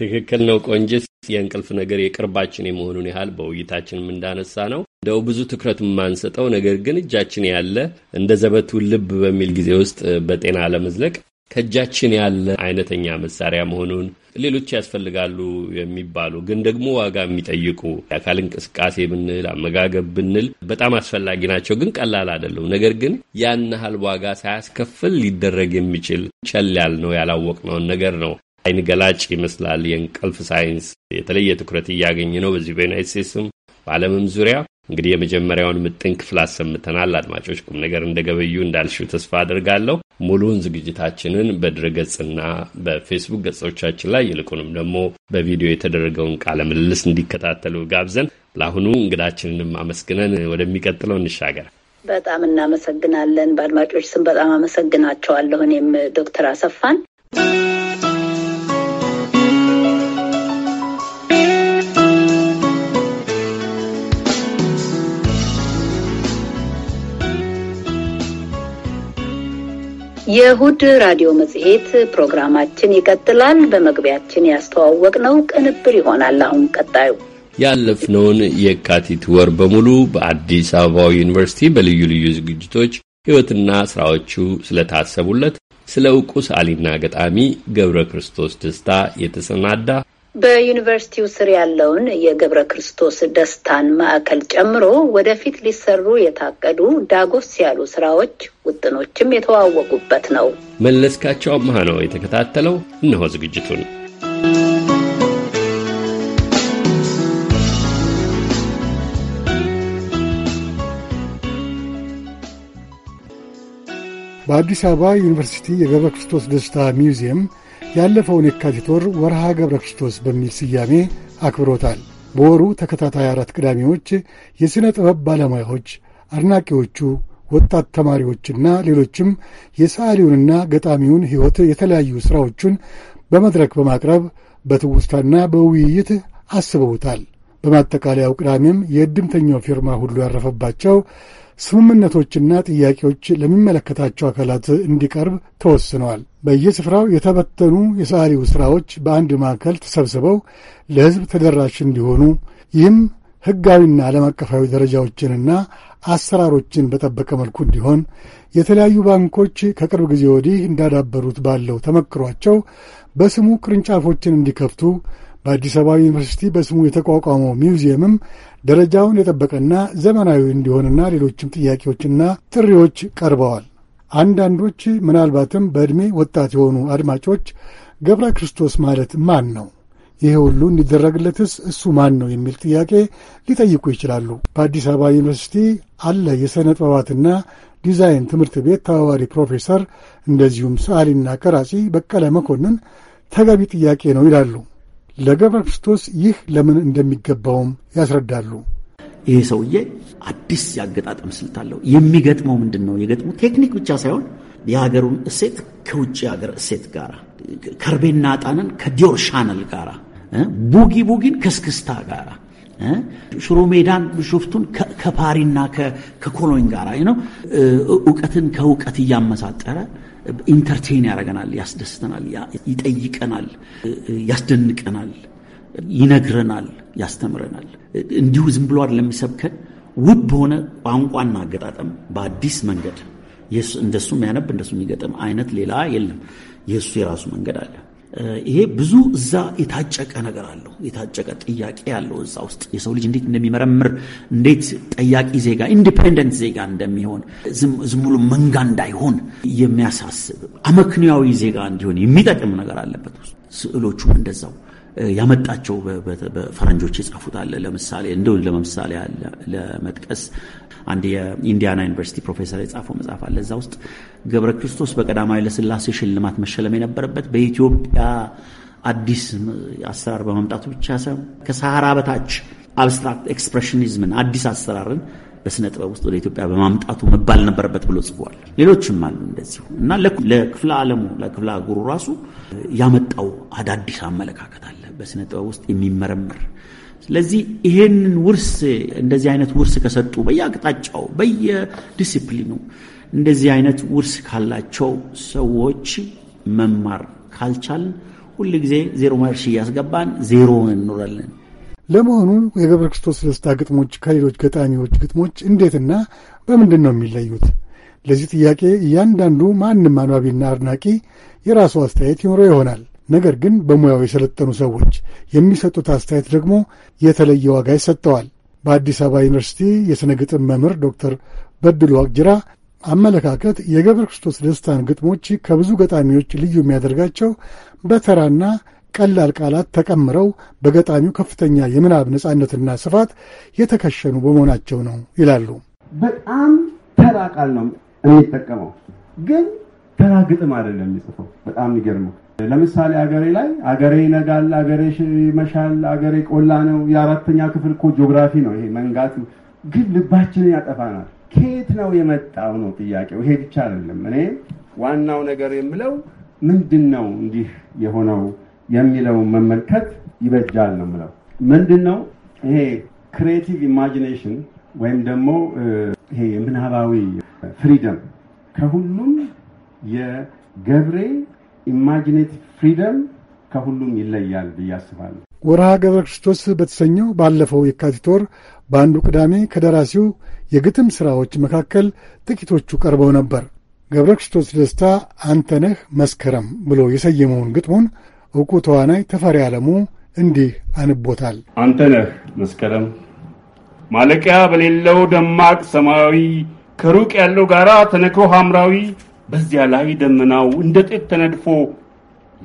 ትክክል ነው ቆንጅት። የእንቅልፍ ነገር የቅርባችን የመሆኑን ያህል በውይይታችንም እንዳነሳ ነው እንደው ብዙ ትኩረት የማንሰጠው ነገር ግን እጃችን ያለ እንደ ዘበቱ ልብ በሚል ጊዜ ውስጥ በጤና ለመዝለቅ ከእጃችን ያለ አይነተኛ መሳሪያ መሆኑን ሌሎች ያስፈልጋሉ የሚባሉ ግን ደግሞ ዋጋ የሚጠይቁ የአካል እንቅስቃሴ ብንል አመጋገብ ብንል በጣም አስፈላጊ ናቸው፣ ግን ቀላል አይደለም። ነገር ግን ያን ያህል ዋጋ ሳያስከፍል ሊደረግ የሚችል ቸል ያልነው ያላወቅነውን ነገር ነው አይን ገላጭ ይመስላል። የእንቅልፍ ሳይንስ የተለየ ትኩረት እያገኘ ነው በዚህ በዩናይት ስቴትስም በዓለምም ዙሪያ እንግዲህ የመጀመሪያውን ምጥን ክፍል አሰምተናል። አድማጮች ቁም ነገር እንደ ገበዩ ተስፋ አድርጋለሁ። ሙሉውን ዝግጅታችንን በድረገጽና በፌስቡክ ገጾቻችን ላይ ይልቁንም ደግሞ በቪዲዮ የተደረገውን ቃለ ምልልስ እንዲከታተሉ ጋብዘን ለአሁኑ እንግዳችንንም አመስግነን ወደሚቀጥለው እንሻገር። በጣም እናመሰግናለን። በአድማጮች ስም በጣም አመሰግናቸዋለሁ እኔም ዶክተር አሰፋን የእሁድ ራዲዮ መጽሔት ፕሮግራማችን ይቀጥላል። በመግቢያችን ያስተዋወቅ ነው ቅንብር ይሆናል። አሁን ቀጣዩ ያለፍነውን የካቲት ወር በሙሉ በአዲስ አበባው ዩኒቨርሲቲ በልዩ ልዩ ዝግጅቶች ሕይወትና ሥራዎቹ ስለታሰቡለት ስለ ዕውቁ ሰዓሊና ገጣሚ ገብረ ክርስቶስ ደስታ የተሰናዳ በዩኒቨርሲቲው ስር ያለውን የገብረ ክርስቶስ ደስታን ማዕከል ጨምሮ ወደፊት ሊሰሩ የታቀዱ ዳጎስ ያሉ ስራዎች ውጥኖችም የተዋወቁበት ነው። መለስካቸው አመሃ ነው የተከታተለው። እነሆ ዝግጅቱን በአዲስ አበባ ዩኒቨርሲቲ የገብረ ክርስቶስ ደስታ ሚውዚየም ያለፈውን የካቲት ወር ወርሃ ገብረ ክርስቶስ በሚል ስያሜ አክብሮታል። በወሩ ተከታታይ አራት ቅዳሜዎች የሥነ ጥበብ ባለሙያዎች፣ አድናቂዎቹ፣ ወጣት ተማሪዎችና ሌሎችም የሰዓሊውንና ገጣሚውን ሕይወት የተለያዩ ሥራዎቹን በመድረክ በማቅረብ በትውስታና በውይይት አስበውታል። በማጠቃለያው ቅዳሜም የእድምተኛው ፊርማ ሁሉ ያረፈባቸው ስምምነቶችና ጥያቄዎች ለሚመለከታቸው አካላት እንዲቀርብ ተወስነዋል። በየስፍራው የተበተኑ የሰዓሊው ሥራዎች በአንድ ማዕከል ተሰብስበው ለሕዝብ ተደራሽ እንዲሆኑ ይህም ሕጋዊና ዓለም አቀፋዊ ደረጃዎችንና አሰራሮችን በጠበቀ መልኩ እንዲሆን የተለያዩ ባንኮች ከቅርብ ጊዜ ወዲህ እንዳዳበሩት ባለው ተመክሯቸው በስሙ ቅርንጫፎችን እንዲከፍቱ በአዲስ አበባ ዩኒቨርሲቲ በስሙ የተቋቋመው ሚውዚየምም ደረጃውን የጠበቀና ዘመናዊ እንዲሆንና ሌሎችም ጥያቄዎችና ጥሪዎች ቀርበዋል። አንዳንዶች ምናልባትም በዕድሜ ወጣት የሆኑ አድማጮች ገብረ ክርስቶስ ማለት ማን ነው? ይሄ ሁሉ እንዲደረግለትስ እሱ ማን ነው የሚል ጥያቄ ሊጠይቁ ይችላሉ። በአዲስ አበባ ዩኒቨርሲቲ አለ የሥነ ጥበባትና ዲዛይን ትምህርት ቤት ተባባሪ ፕሮፌሰር እንደዚሁም ሰዓሊና ቀራጺ በቀለ መኮንን ተገቢ ጥያቄ ነው ይላሉ። ለገብረ ክርስቶስ ይህ ለምን እንደሚገባውም ያስረዳሉ። ይህ ሰውዬ አዲስ የአገጣጠም ስልት አለው። የሚገጥመው ምንድን ነው? የገጥሙ ቴክኒክ ብቻ ሳይሆን የሀገሩን እሴት ከውጭ ሀገር እሴት ጋር፣ ከርቤና ዕጣንን ከዲዮር ሻነል ጋር፣ ቡጊ ቡጊን ከስክስታ ጋር፣ ሽሮ ሜዳን ብሾፍቱን ከፓሪና ከኮሎኝ ጋር ነው እውቀትን ከእውቀት እያመሳጠረ ኢንተርቴን ያደርገናል፣ ያስደስተናል፣ ይጠይቀናል፣ ያስደንቀናል፣ ይነግረናል፣ ያስተምረናል። እንዲሁ ዝም ብሎ አይደለም የሚሰብከን ውብ በሆነ ቋንቋና አገጣጠም በአዲስ መንገድ እንደሱ የሚያነብ እንደሱ የሚገጥም አይነት ሌላ የለም። የእሱ የራሱ መንገድ አለ። ይሄ ብዙ እዛ የታጨቀ ነገር አለው። የታጨቀ ጥያቄ ያለው እዛ ውስጥ የሰው ልጅ እንዴት እንደሚመረምር እንዴት ጠያቂ ዜጋ ኢንዲፔንደንት ዜጋ እንደሚሆን ዝም ብሎ መንጋ እንዳይሆን የሚያሳስብ አመክንያዊ ዜጋ እንዲሆን የሚጠቅም ነገር አለበት። ስዕሎቹም እንደዛው ያመጣቸው በፈረንጆች የጻፉት አለ። ለምሳሌ እንደው ለምሳሌ ለመጥቀስ አንድ የኢንዲያና ዩኒቨርሲቲ ፕሮፌሰር የጻፈው መጽሐፍ አለ። እዛ ውስጥ ገብረ ክርስቶስ በቀዳማዊ ለስላሴ ሽልማት መሸለም የነበረበት በኢትዮጵያ አዲስ አሰራር በመምጣቱ ብቻ ሳይሆን ከሰሃራ በታች አብስትራክት ኤክስፕሬሽኒዝምን አዲስ አሰራርን በስነ ጥበብ ውስጥ ወደ ኢትዮጵያ በማምጣቱ መባል ነበረበት ብሎ ጽፏል። ሌሎችም አሉ እንደዚሁ እና ለክፍለ ዓለሙ ለክፍለ አህጉሩ ራሱ ያመጣው አዳዲስ አመለካከት አለ በስነ ጥበብ ውስጥ የሚመረምር ስለዚህ ይሄንን ውርስ እንደዚህ አይነት ውርስ ከሰጡ በየአቅጣጫው በየዲሲፕሊኑ እንደዚህ አይነት ውርስ ካላቸው ሰዎች መማር ካልቻልን ሁል ጊዜ ዜሮ ማርሽ እያስገባን ዜሮውን እንኖራለን። ለመሆኑ የገብረ ክርስቶስ ደስታ ግጥሞች ከሌሎች ገጣሚዎች ግጥሞች እንዴትና በምንድን ነው የሚለዩት? ለዚህ ጥያቄ እያንዳንዱ ማንም አንባቢና አድናቂ የራሱ አስተያየት ይኖረው ይሆናል። ነገር ግን በሙያው የሰለጠኑ ሰዎች የሚሰጡት አስተያየት ደግሞ የተለየ ዋጋ ይሰጠዋል። በአዲስ አበባ ዩኒቨርሲቲ የሥነ ግጥም መምህር ዶክተር በድሉ ዋቅጅራ አመለካከት የገብረ ክርስቶስ ደስታን ግጥሞች ከብዙ ገጣሚዎች ልዩ የሚያደርጋቸው በተራና ቀላል ቃላት ተቀምረው በገጣሚው ከፍተኛ የምናብ ነጻነትና ስፋት የተከሸኑ በመሆናቸው ነው ይላሉ። በጣም ተራ ቃል ነው የሚጠቀመው፣ ግን ተራ ግጥም አይደለም የሚጽፈው። በጣም ይገርመው ለምሳሌ አገሬ ላይ አገሬ ይነጋል፣ አገሬ ይመሻል፣ አገሬ ቆላ ነው። የአራተኛ ክፍል እኮ ጂኦግራፊ ነው ይሄ መንጋት ግን ልባችንን ያጠፋናል። ከየት ነው የመጣው ነው ጥያቄው። ይሄ ብቻ አይደለም። እኔ ዋናው ነገር የምለው ምንድን ነው እንዲህ የሆነው የሚለው መመልከት ይበጃል ነው የምለው። ምንድን ነው ይሄ ክሬቲቭ ኢማጂኔሽን ወይም ደግሞ ይሄ የምናባዊ ፍሪደም ከሁሉም የገብሬ ኢማጂኔት ፍሪደም ከሁሉም ይለያል ብዬ አስባለሁ። ወርሃ ገብረ ክርስቶስ በተሰኘው ባለፈው የካቲት ወር በአንዱ ቅዳሜ ከደራሲው የግጥም ሥራዎች መካከል ጥቂቶቹ ቀርበው ነበር። ገብረ ክርስቶስ ደስታ አንተነህ መስከረም ብሎ የሰየመውን ግጥሙን እውቁ ተዋናይ ተፈሪ አለሙ እንዲህ አንቦታል። አንተነህ መስከረም ማለቂያ በሌለው ደማቅ ሰማያዊ ከሩቅ ያለው ጋራ ተነክሮ ሐምራዊ በዚያ ላይ ደመናው እንደ ጥጥ ተነድፎ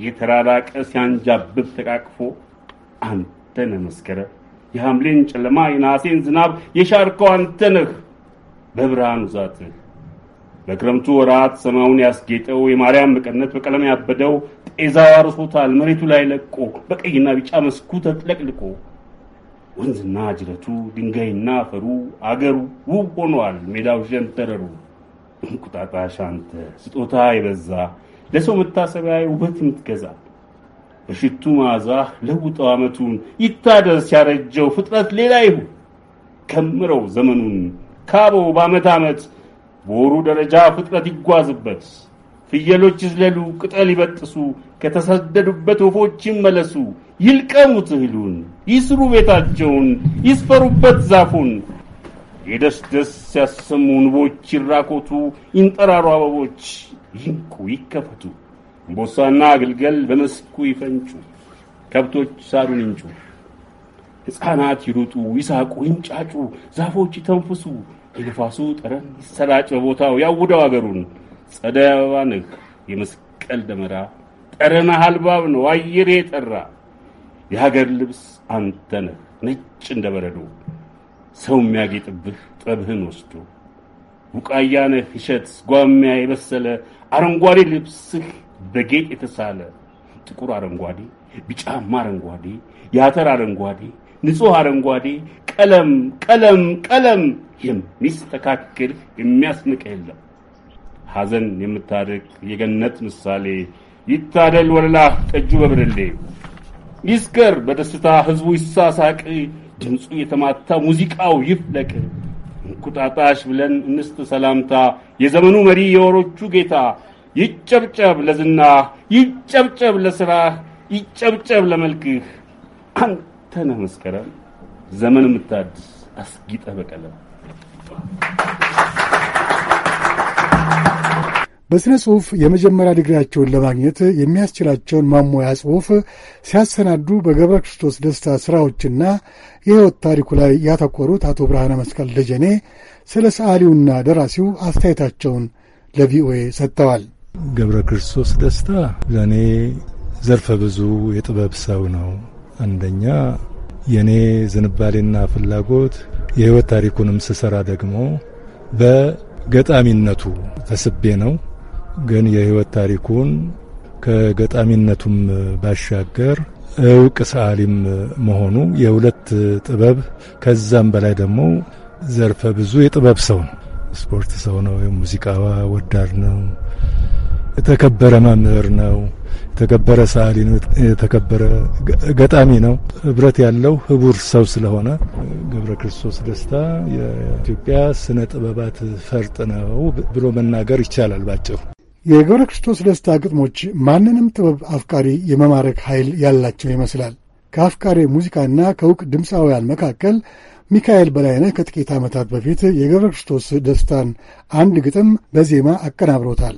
የተራራቀ ሲያንጃብብ ተቃቅፎ አንተ ነህ መስከረ የሐምሌን ጨለማ የነሐሴን ዝናብ የሻርከው አንተ ነህ በብርሃን ዛትህ በክረምቱ ወራት ሰማዩን ያስጌጠው የማርያም መቀነት በቀለም ያበደው ጤዛው አርሶታል መሬቱ ላይ ለቆ በቀይና ቢጫ መስኩ ተጥለቅልቆ ወንዝና ጅረቱ ድንጋይና አፈሩ አገሩ ውብ ሆኗል ሜዳው ሸንተረሩ እንቁጣጣሽ አንተ ስጦታ የበዛ ለሰው መታሰቢያ ውበት የምትገዛ በሽቱ መዓዛ ለውጠው ዓመቱን ይታደስ ያረጀው ፍጥረት ሌላ ይሁን ከምረው ዘመኑን ካበው በዓመት ዓመት በወሩ ደረጃ ፍጥረት ይጓዝበት ፍየሎች ይዝለሉ ቅጠል ይበጥሱ ከተሰደዱበት ወፎች ይመለሱ ይልቀሙት እህሉን ይስሩ ቤታቸውን ይስፈሩበት ዛፉን የደስ ደስ ሲያሰሙ ንቦች ይራኮቱ፣ ይንጠራሩ አበቦች ይንቁ ይከፈቱ፣ እምቦሳና አገልገል በመስኩ ይፈንጩ፣ ከብቶች ሳሩን ይንጩ፣ ሕፃናት ይሩጡ ይሳቁ ይንጫጩ፣ ዛፎች ይተንፍሱ፣ የነፋሱ ጠረን ይሰራጭ በቦታው ያውደው አገሩን። ጸደይ አበባ ነህ የመስቀል ደመራ፣ ጠረና አልባብ ነው አየር የጠራ፣ የሀገር ልብስ አንተ ነህ ነጭ እንደ በረዶ ሰው የሚያጌጥብህ ጥብህን ወስዶ ቡቃያ ነህ እሸት ጓሚያ የበሰለ አረንጓዴ ልብስህ በጌጥ የተሳለ ጥቁር አረንጓዴ፣ ቢጫማ አረንጓዴ፣ የአተር አረንጓዴ፣ ንጹህ አረንጓዴ ቀለም ቀለም ቀለም የሚስተካከልህ የሚያስንቅ የለም። ሐዘን የምታደርግ የገነት ምሳሌ ይታደል ወለላ ጠጁ በብርሌ ይስከር በደስታ ህዝቡ ይሳሳቅ ድምፁ የተማታ ሙዚቃው ይፍለቅ እንቁጣጣሽ ብለን እንስት ሰላምታ የዘመኑ መሪ የወሮቹ ጌታ ይጨብጨብ ለዝና ይጨብጨብ ለስራህ ይጨብጨብ ለመልክህ አንተ ነህ መስከረም ዘመን የምታድስ አስጊጠ በቀለም በሥነ ጽሑፍ የመጀመሪያ ድግሪያቸውን ለማግኘት የሚያስችላቸውን ማሞያ ጽሑፍ ሲያሰናዱ በገብረ ክርስቶስ ደስታ ሥራዎችና የሕይወት ታሪኩ ላይ ያተኮሩት አቶ ብርሃነ መስቀል ደጀኔ ስለ ሰዓሊውና ደራሲው አስተያየታቸውን ለቪኦኤ ሰጥተዋል። ገብረ ክርስቶስ ደስታ ለእኔ ዘርፈ ብዙ የጥበብ ሰው ነው። አንደኛ የእኔ ዝንባሌና ፍላጎት የሕይወት ታሪኩንም ስሰራ ደግሞ በገጣሚነቱ ተስቤ ነው። ግን የህይወት ታሪኩን ከገጣሚነቱም ባሻገር እውቅ ሰዓሊም መሆኑ የሁለት ጥበብ ከዛም በላይ ደግሞ ዘርፈ ብዙ የጥበብ ሰው ነው። ስፖርት ሰው ነው። የሙዚቃ ወዳድ ነው። የተከበረ መምህር ነው። የተከበረ ሰዓሊ ነው። የተከበረ ገጣሚ ነው። ህብረት ያለው ህቡር ሰው ስለሆነ ገብረ ክርስቶስ ደስታ የኢትዮጵያ ስነ ጥበባት ፈርጥ ነው ብሎ መናገር ይቻላል ባጭሩ። የገብረ ክርስቶስ ደስታ ግጥሞች ማንንም ጥበብ አፍቃሪ የመማረክ ኃይል ያላቸው ይመስላል። ከአፍቃሪ ሙዚቃና ከእውቅ ድምፃውያን መካከል ሚካኤል በላይነህ ከጥቂት ዓመታት በፊት የገብረ ክርስቶስ ደስታን አንድ ግጥም በዜማ አቀናብሮታል።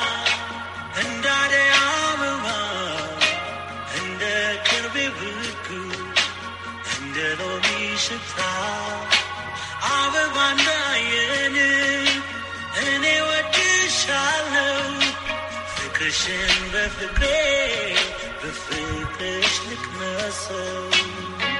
Krishna, the great, the free Krishna, the soul.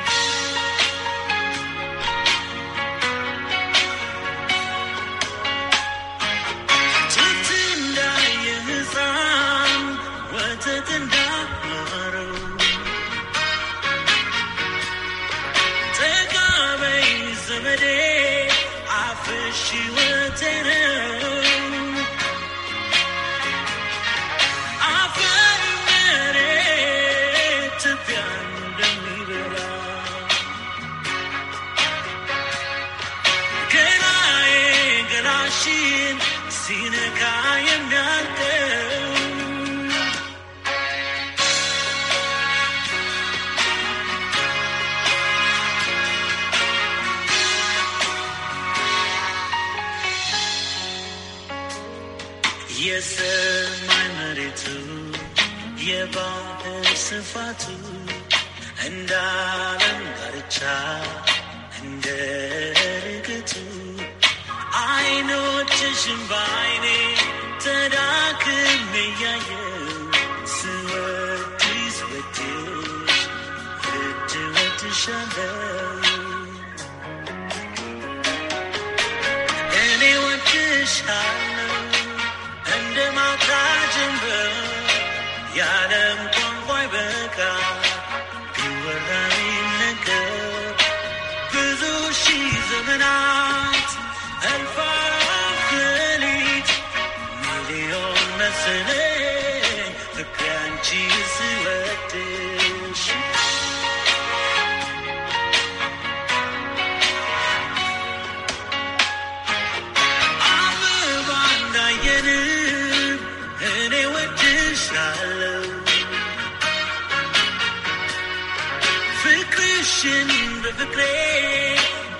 Yeah. the Yeah. Yeah. Yeah.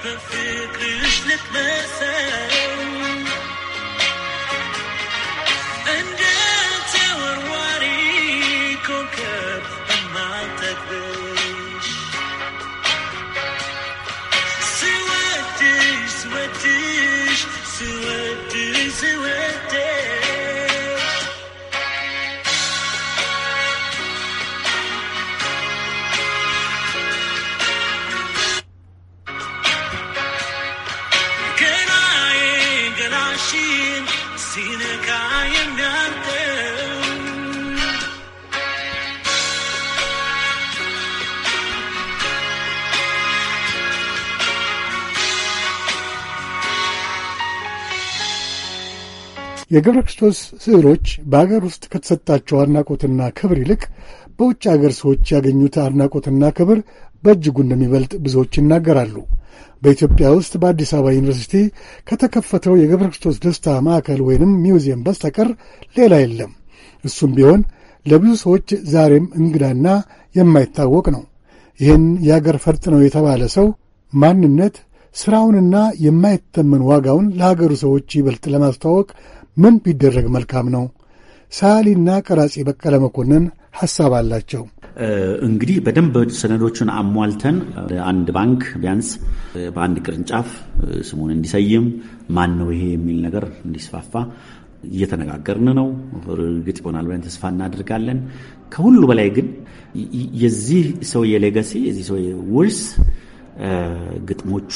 Yeah. Yeah. Yeah. Yeah. Yeah. የገብረ ክርስቶስ ስዕሎች በአገር ውስጥ ከተሰጣቸው አድናቆትና ክብር ይልቅ በውጭ አገር ሰዎች ያገኙት አድናቆትና ክብር በእጅጉ እንደሚበልጥ ብዙዎች ይናገራሉ። በኢትዮጵያ ውስጥ በአዲስ አበባ ዩኒቨርሲቲ ከተከፈተው የገብረ ክርስቶስ ደስታ ማዕከል ወይንም ሚውዚየም በስተቀር ሌላ የለም። እሱም ቢሆን ለብዙ ሰዎች ዛሬም እንግዳና የማይታወቅ ነው። ይህን የአገር ፈርጥ ነው የተባለ ሰው ማንነት ስራውንና የማይተመን ዋጋውን ለሀገሩ ሰዎች ይበልጥ ለማስተዋወቅ ምን ቢደረግ መልካም ነው? ሳሊና ቀራጺ በቀለ መኮንን ሐሳብ አላቸው። እንግዲህ በደንብ ሰነዶቹን አሟልተን አንድ ባንክ ቢያንስ በአንድ ቅርንጫፍ ስሙን እንዲሰይም ማን ነው ይሄ የሚል ነገር እንዲስፋፋ እየተነጋገርን ነው። እርግጥ ይሆናል ብለን ተስፋ እናደርጋለን። ከሁሉ በላይ ግን የዚህ ሰው የሌገሲ የዚህ ሰው ውርስ ግጥሞቹ፣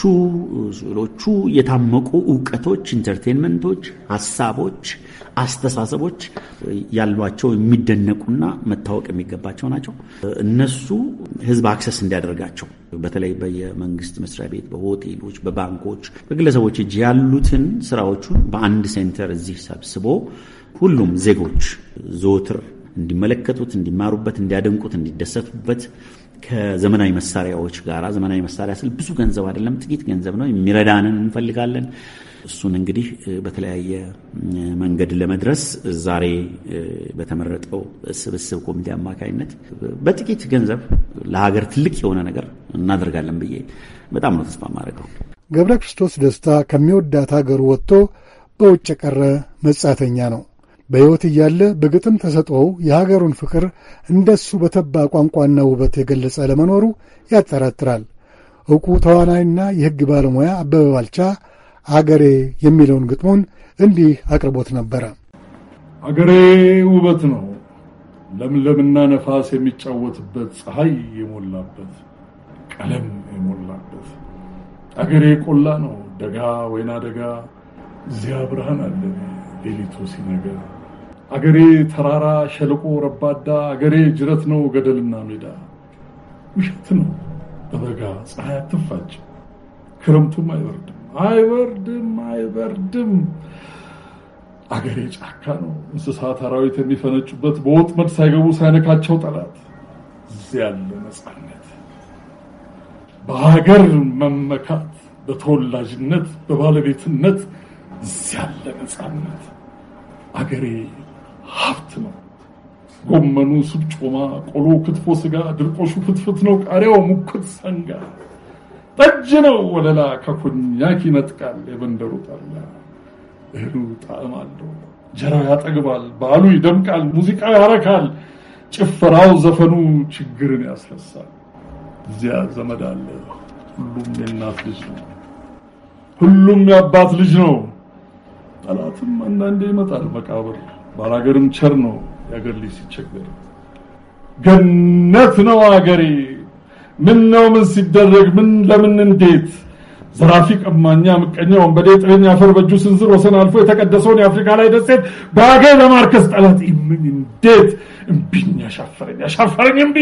ስዕሎቹ የታመቁ እውቀቶች፣ ኢንተርቴንመንቶች፣ ሀሳቦች፣ አስተሳሰቦች ያሏቸው የሚደነቁና መታወቅ የሚገባቸው ናቸው። እነሱ ህዝብ አክሰስ እንዲያደርጋቸው በተለይ በየመንግስት መስሪያ ቤት፣ በሆቴሎች፣ በባንኮች፣ በግለሰቦች እጅ ያሉትን ስራዎቹን በአንድ ሴንተር እዚህ ሰብስቦ ሁሉም ዜጎች ዘወትር እንዲመለከቱት፣ እንዲማሩበት፣ እንዲያደንቁት፣ እንዲደሰቱበት ከዘመናዊ መሳሪያዎች ጋር ዘመናዊ መሳሪያ ስል ብዙ ገንዘብ አይደለም፣ ጥቂት ገንዘብ ነው። የሚረዳንን እንፈልጋለን። እሱን እንግዲህ በተለያየ መንገድ ለመድረስ ዛሬ በተመረጠው ስብስብ ኮሚቴ አማካኝነት በጥቂት ገንዘብ ለሀገር ትልቅ የሆነ ነገር እናደርጋለን ብዬ በጣም ነው ተስፋ ማድረገው። ገብረ ክርስቶስ ደስታ ከሚወዳት ሀገሩ ወጥቶ በውጭ የቀረ መጻተኛ ነው። በሕይወት እያለ በግጥም ተሰጥኦው የሀገሩን ፍቅር እንደሱ በተባ ቋንቋና ውበት የገለጸ ለመኖሩ ያጠራጥራል። ዕውቁ ተዋናይና የሕግ ባለሙያ አበበ ባልቻ አገሬ የሚለውን ግጥሙን እንዲህ አቅርቦት ነበረ። አገሬ ውበት ነው ለምለምና ነፋስ የሚጫወትበት ፀሐይ የሞላበት ቀለም የሞላበት አገሬ ቆላ ነው ደጋ ወይና ደጋ እዚያ ብርሃን አለ ሌሊቱ ሲነጋ አገሬ ተራራ፣ ሸለቆ፣ ረባዳ አገሬ ጅረት ነው ገደልና ሜዳ። ውሸት ነው በበጋ ፀሐይ አትፋጭ፣ ክረምቱም አይበርድም አይበርድም አይበርድም። አገሬ ጫካ ነው እንስሳት አራዊት የሚፈነጩበት በወጥመድ ሳይገቡ ሳይነካቸው ጠላት። እዚህ ያለ ነፃነት በሀገር መመካት፣ በተወላጅነት፣ በባለቤትነት እዚያ ያለ ነፃነት አገሬ ሀብት ነው። ጎመኑ ሱብ ጮማ፣ ቆሎ ክትፎ ስጋ፣ ድርቆሹ ፍትፍት ነው፣ ቃሪያው ሙክት ሰንጋ፣ ጠጅ ነው ወለላ፣ ከኮኛክ ይነጥቃል የበንደሩ ጠላ። እህሉ ጣዕም አለው፣ ጀራው ያጠግባል፣ ባሉ ይደምቃል፣ ሙዚቃው ያረካል፣ ጭፈራው ዘፈኑ ችግርን ያስረሳል። እዚያ ዘመድ አለ፣ ሁሉም የእናት ልጅ ነው፣ ሁሉም የአባት ልጅ ነው። ጠላትም አንዳንዴ ይመጣል መቃብር። ባላገርም ቸር ነው የአገር ልጅ ሲቸገር። ገነት ነው አገሬ ምን ነው ምን ሲደረግ ምን ለምን እንዴት ዘራፊ፣ ቀማኛ፣ ምቀኛ፣ ወንበዴ፣ ጥበኛ፣ አፈር በእጁ ስንዝር ወሰን አልፎ የተቀደሰውን የአፍሪካ ላይ ደሴት በሀገር ለማርከስ ጠላት ምን እንዴት እምቢኝ ያሻፈረኝ ያሻፈረኝ እምቢ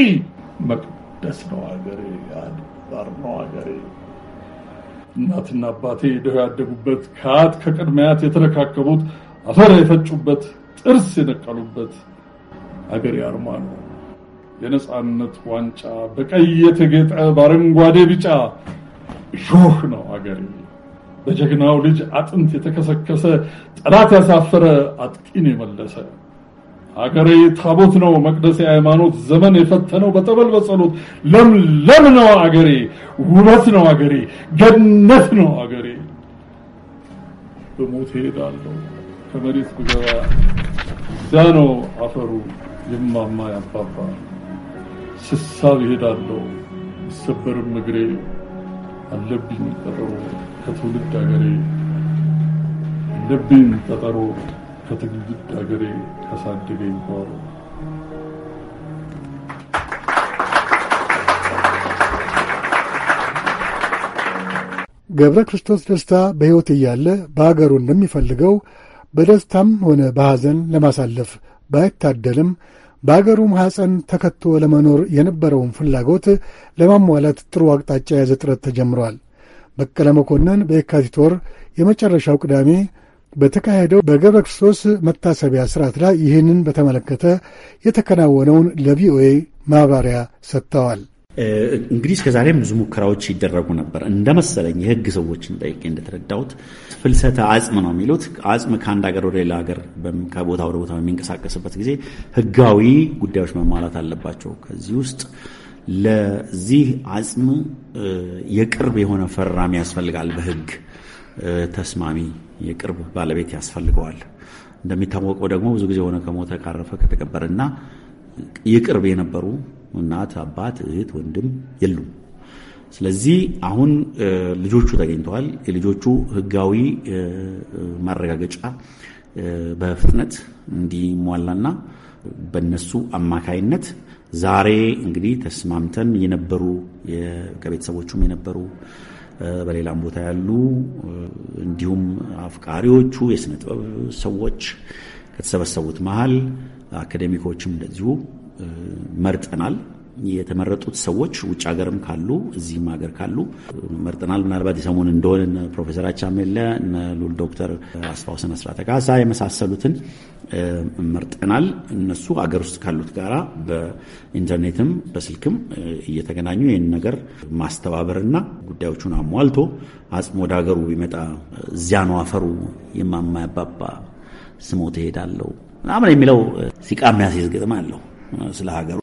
መቅደስ ነው አገሬ አድባር ነው አገሬ እናትና አባቴ ሄደው ያደጉበት ከአት ከቅድሚያት የተረካከቡት አፈር የፈጩበት ጥርስ የነቀሉበት አገር አርማ ነው። የነፃነት ዋንጫ በቀይ የተጌጠ በአረንጓዴ ቢጫ ሾህ ነው አገሬ። በጀግናው ልጅ አጥንት የተከሰከሰ ጠላት ያሳፈረ አጥቂን የመለሰ ሀገሬ ታቦት ነው መቅደሴ ሃይማኖት ዘመን የፈተነው በጠበል በጸሎት ለም ለም ነው አገሬ ውበት ነው አገሬ ገነት ነው አገሬ በሞት ሄዳለሁ ከመሬት ጉዘባ እዚያ ነው አፈሩ የማማ ያባባ ስሳብ ይሄዳለሁ ሰበርም እግሬ አለብኝ ቀጠሮ ከትውልድ አገሬ አለብኝ ጠጠሮ ከትውልድ አገሬ ያሳድገኝ ኖሮ ገብረ ክርስቶስ ደስታ በሕይወት እያለ በአገሩ እንደሚፈልገው በደስታም ሆነ በሐዘን ለማሳለፍ ባይታደልም በአገሩ ማኅፀን ተከቶ ለመኖር የነበረውን ፍላጎት ለማሟላት ጥሩ አቅጣጫ የያዘ ጥረት ተጀምሯል። በቀለ መኮንን በየካቲት ወር የመጨረሻው ቅዳሜ በተካሄደው በገብረ ክርስቶስ መታሰቢያ ስርዓት ላይ ይህንን በተመለከተ የተከናወነውን ለቪኦኤ ማብራሪያ ሰጥተዋል። እንግዲህ እስከዛሬም ብዙ ሙከራዎች ይደረጉ ነበር። እንደ መሰለኝ የህግ ሰዎችን ጠይቄ እንደተረዳሁት ፍልሰተ አጽም ነው የሚሉት። አጽም ከአንድ ሀገር ወደ ሌላ ሀገር ከቦታ ወደ ቦታ በሚንቀሳቀስበት ጊዜ ህጋዊ ጉዳዮች መሟላት አለባቸው። ከዚህ ውስጥ ለዚህ አጽም የቅርብ የሆነ ፈራሚ ያስፈልጋል በህግ ተስማሚ የቅርብ ባለቤት ያስፈልገዋል። እንደሚታወቀው ደግሞ ብዙ ጊዜ የሆነ ከሞተ ካረፈ ከተቀበረና እና የቅርብ የነበሩ እናት፣ አባት፣ እህት፣ ወንድም የሉም። ስለዚህ አሁን ልጆቹ ተገኝተዋል። የልጆቹ ህጋዊ ማረጋገጫ በፍጥነት እንዲሟላና በነሱ አማካይነት ዛሬ እንግዲህ ተስማምተን የነበሩ ከቤተሰቦቹም የነበሩ በሌላም ቦታ ያሉ እንዲሁም አፍቃሪዎቹ የስነ ጥበብ ሰዎች ከተሰበሰቡት መሀል አካዴሚኮችም እንደዚሁ መርጠናል። የተመረጡት ሰዎች ውጭ ሀገርም ካሉ እዚህም ሀገር ካሉ መርጠናል። ምናልባት የሰሞን እንደሆን ፕሮፌሰር አቻሜለ ሉል ዶክተር አስፋውሰን አስራተ ካሳ የመሳሰሉትን መርጠናል። እነሱ አገር ውስጥ ካሉት ጋራ በኢንተርኔትም በስልክም እየተገናኙ ይህን ነገር ማስተባበርና ጉዳዮቹን አሟልቶ አጽም ወደ ሀገሩ ቢመጣ እዚያ ነው አፈሩ የማማያባባ ስሞ ትሄዳለው ምናምን የሚለው ሲቃ የሚያስይዝ ግጥም አለው ስለ ሀገሩ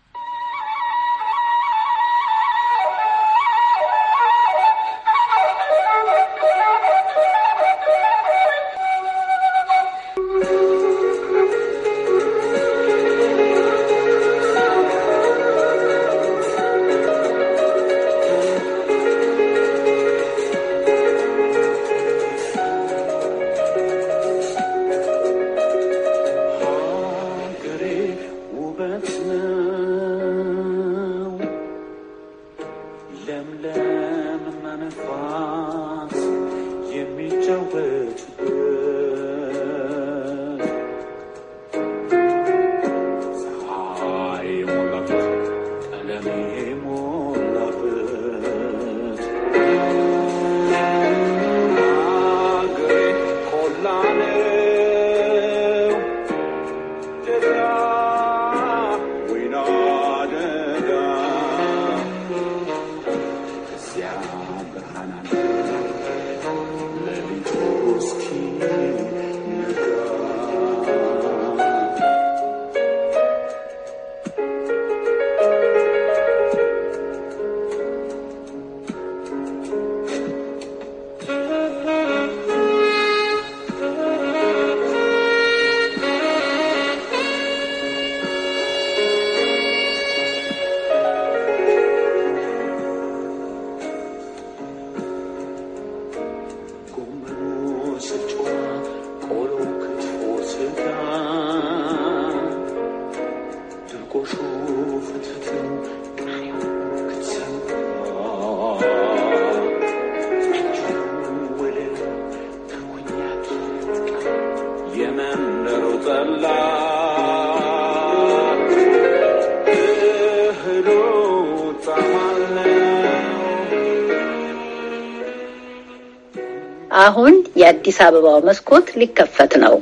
አሁን የአዲስ አበባው መስኮት ሊከፈት ነው።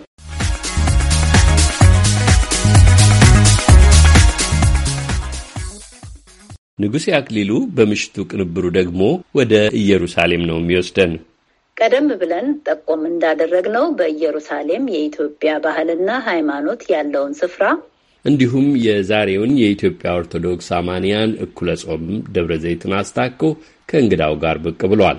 ንጉሴ አክሊሉ በምሽቱ ቅንብሩ ደግሞ ወደ ኢየሩሳሌም ነው የሚወስደን። ቀደም ብለን ጠቆም እንዳደረግነው በኢየሩሳሌም የኢትዮጵያ ባህልና ሃይማኖት ያለውን ስፍራ እንዲሁም የዛሬውን የኢትዮጵያ ኦርቶዶክስ አማንያን እኩለ ጾም ደብረ ዘይትን አስታኮ ከእንግዳው ጋር ብቅ ብሏል።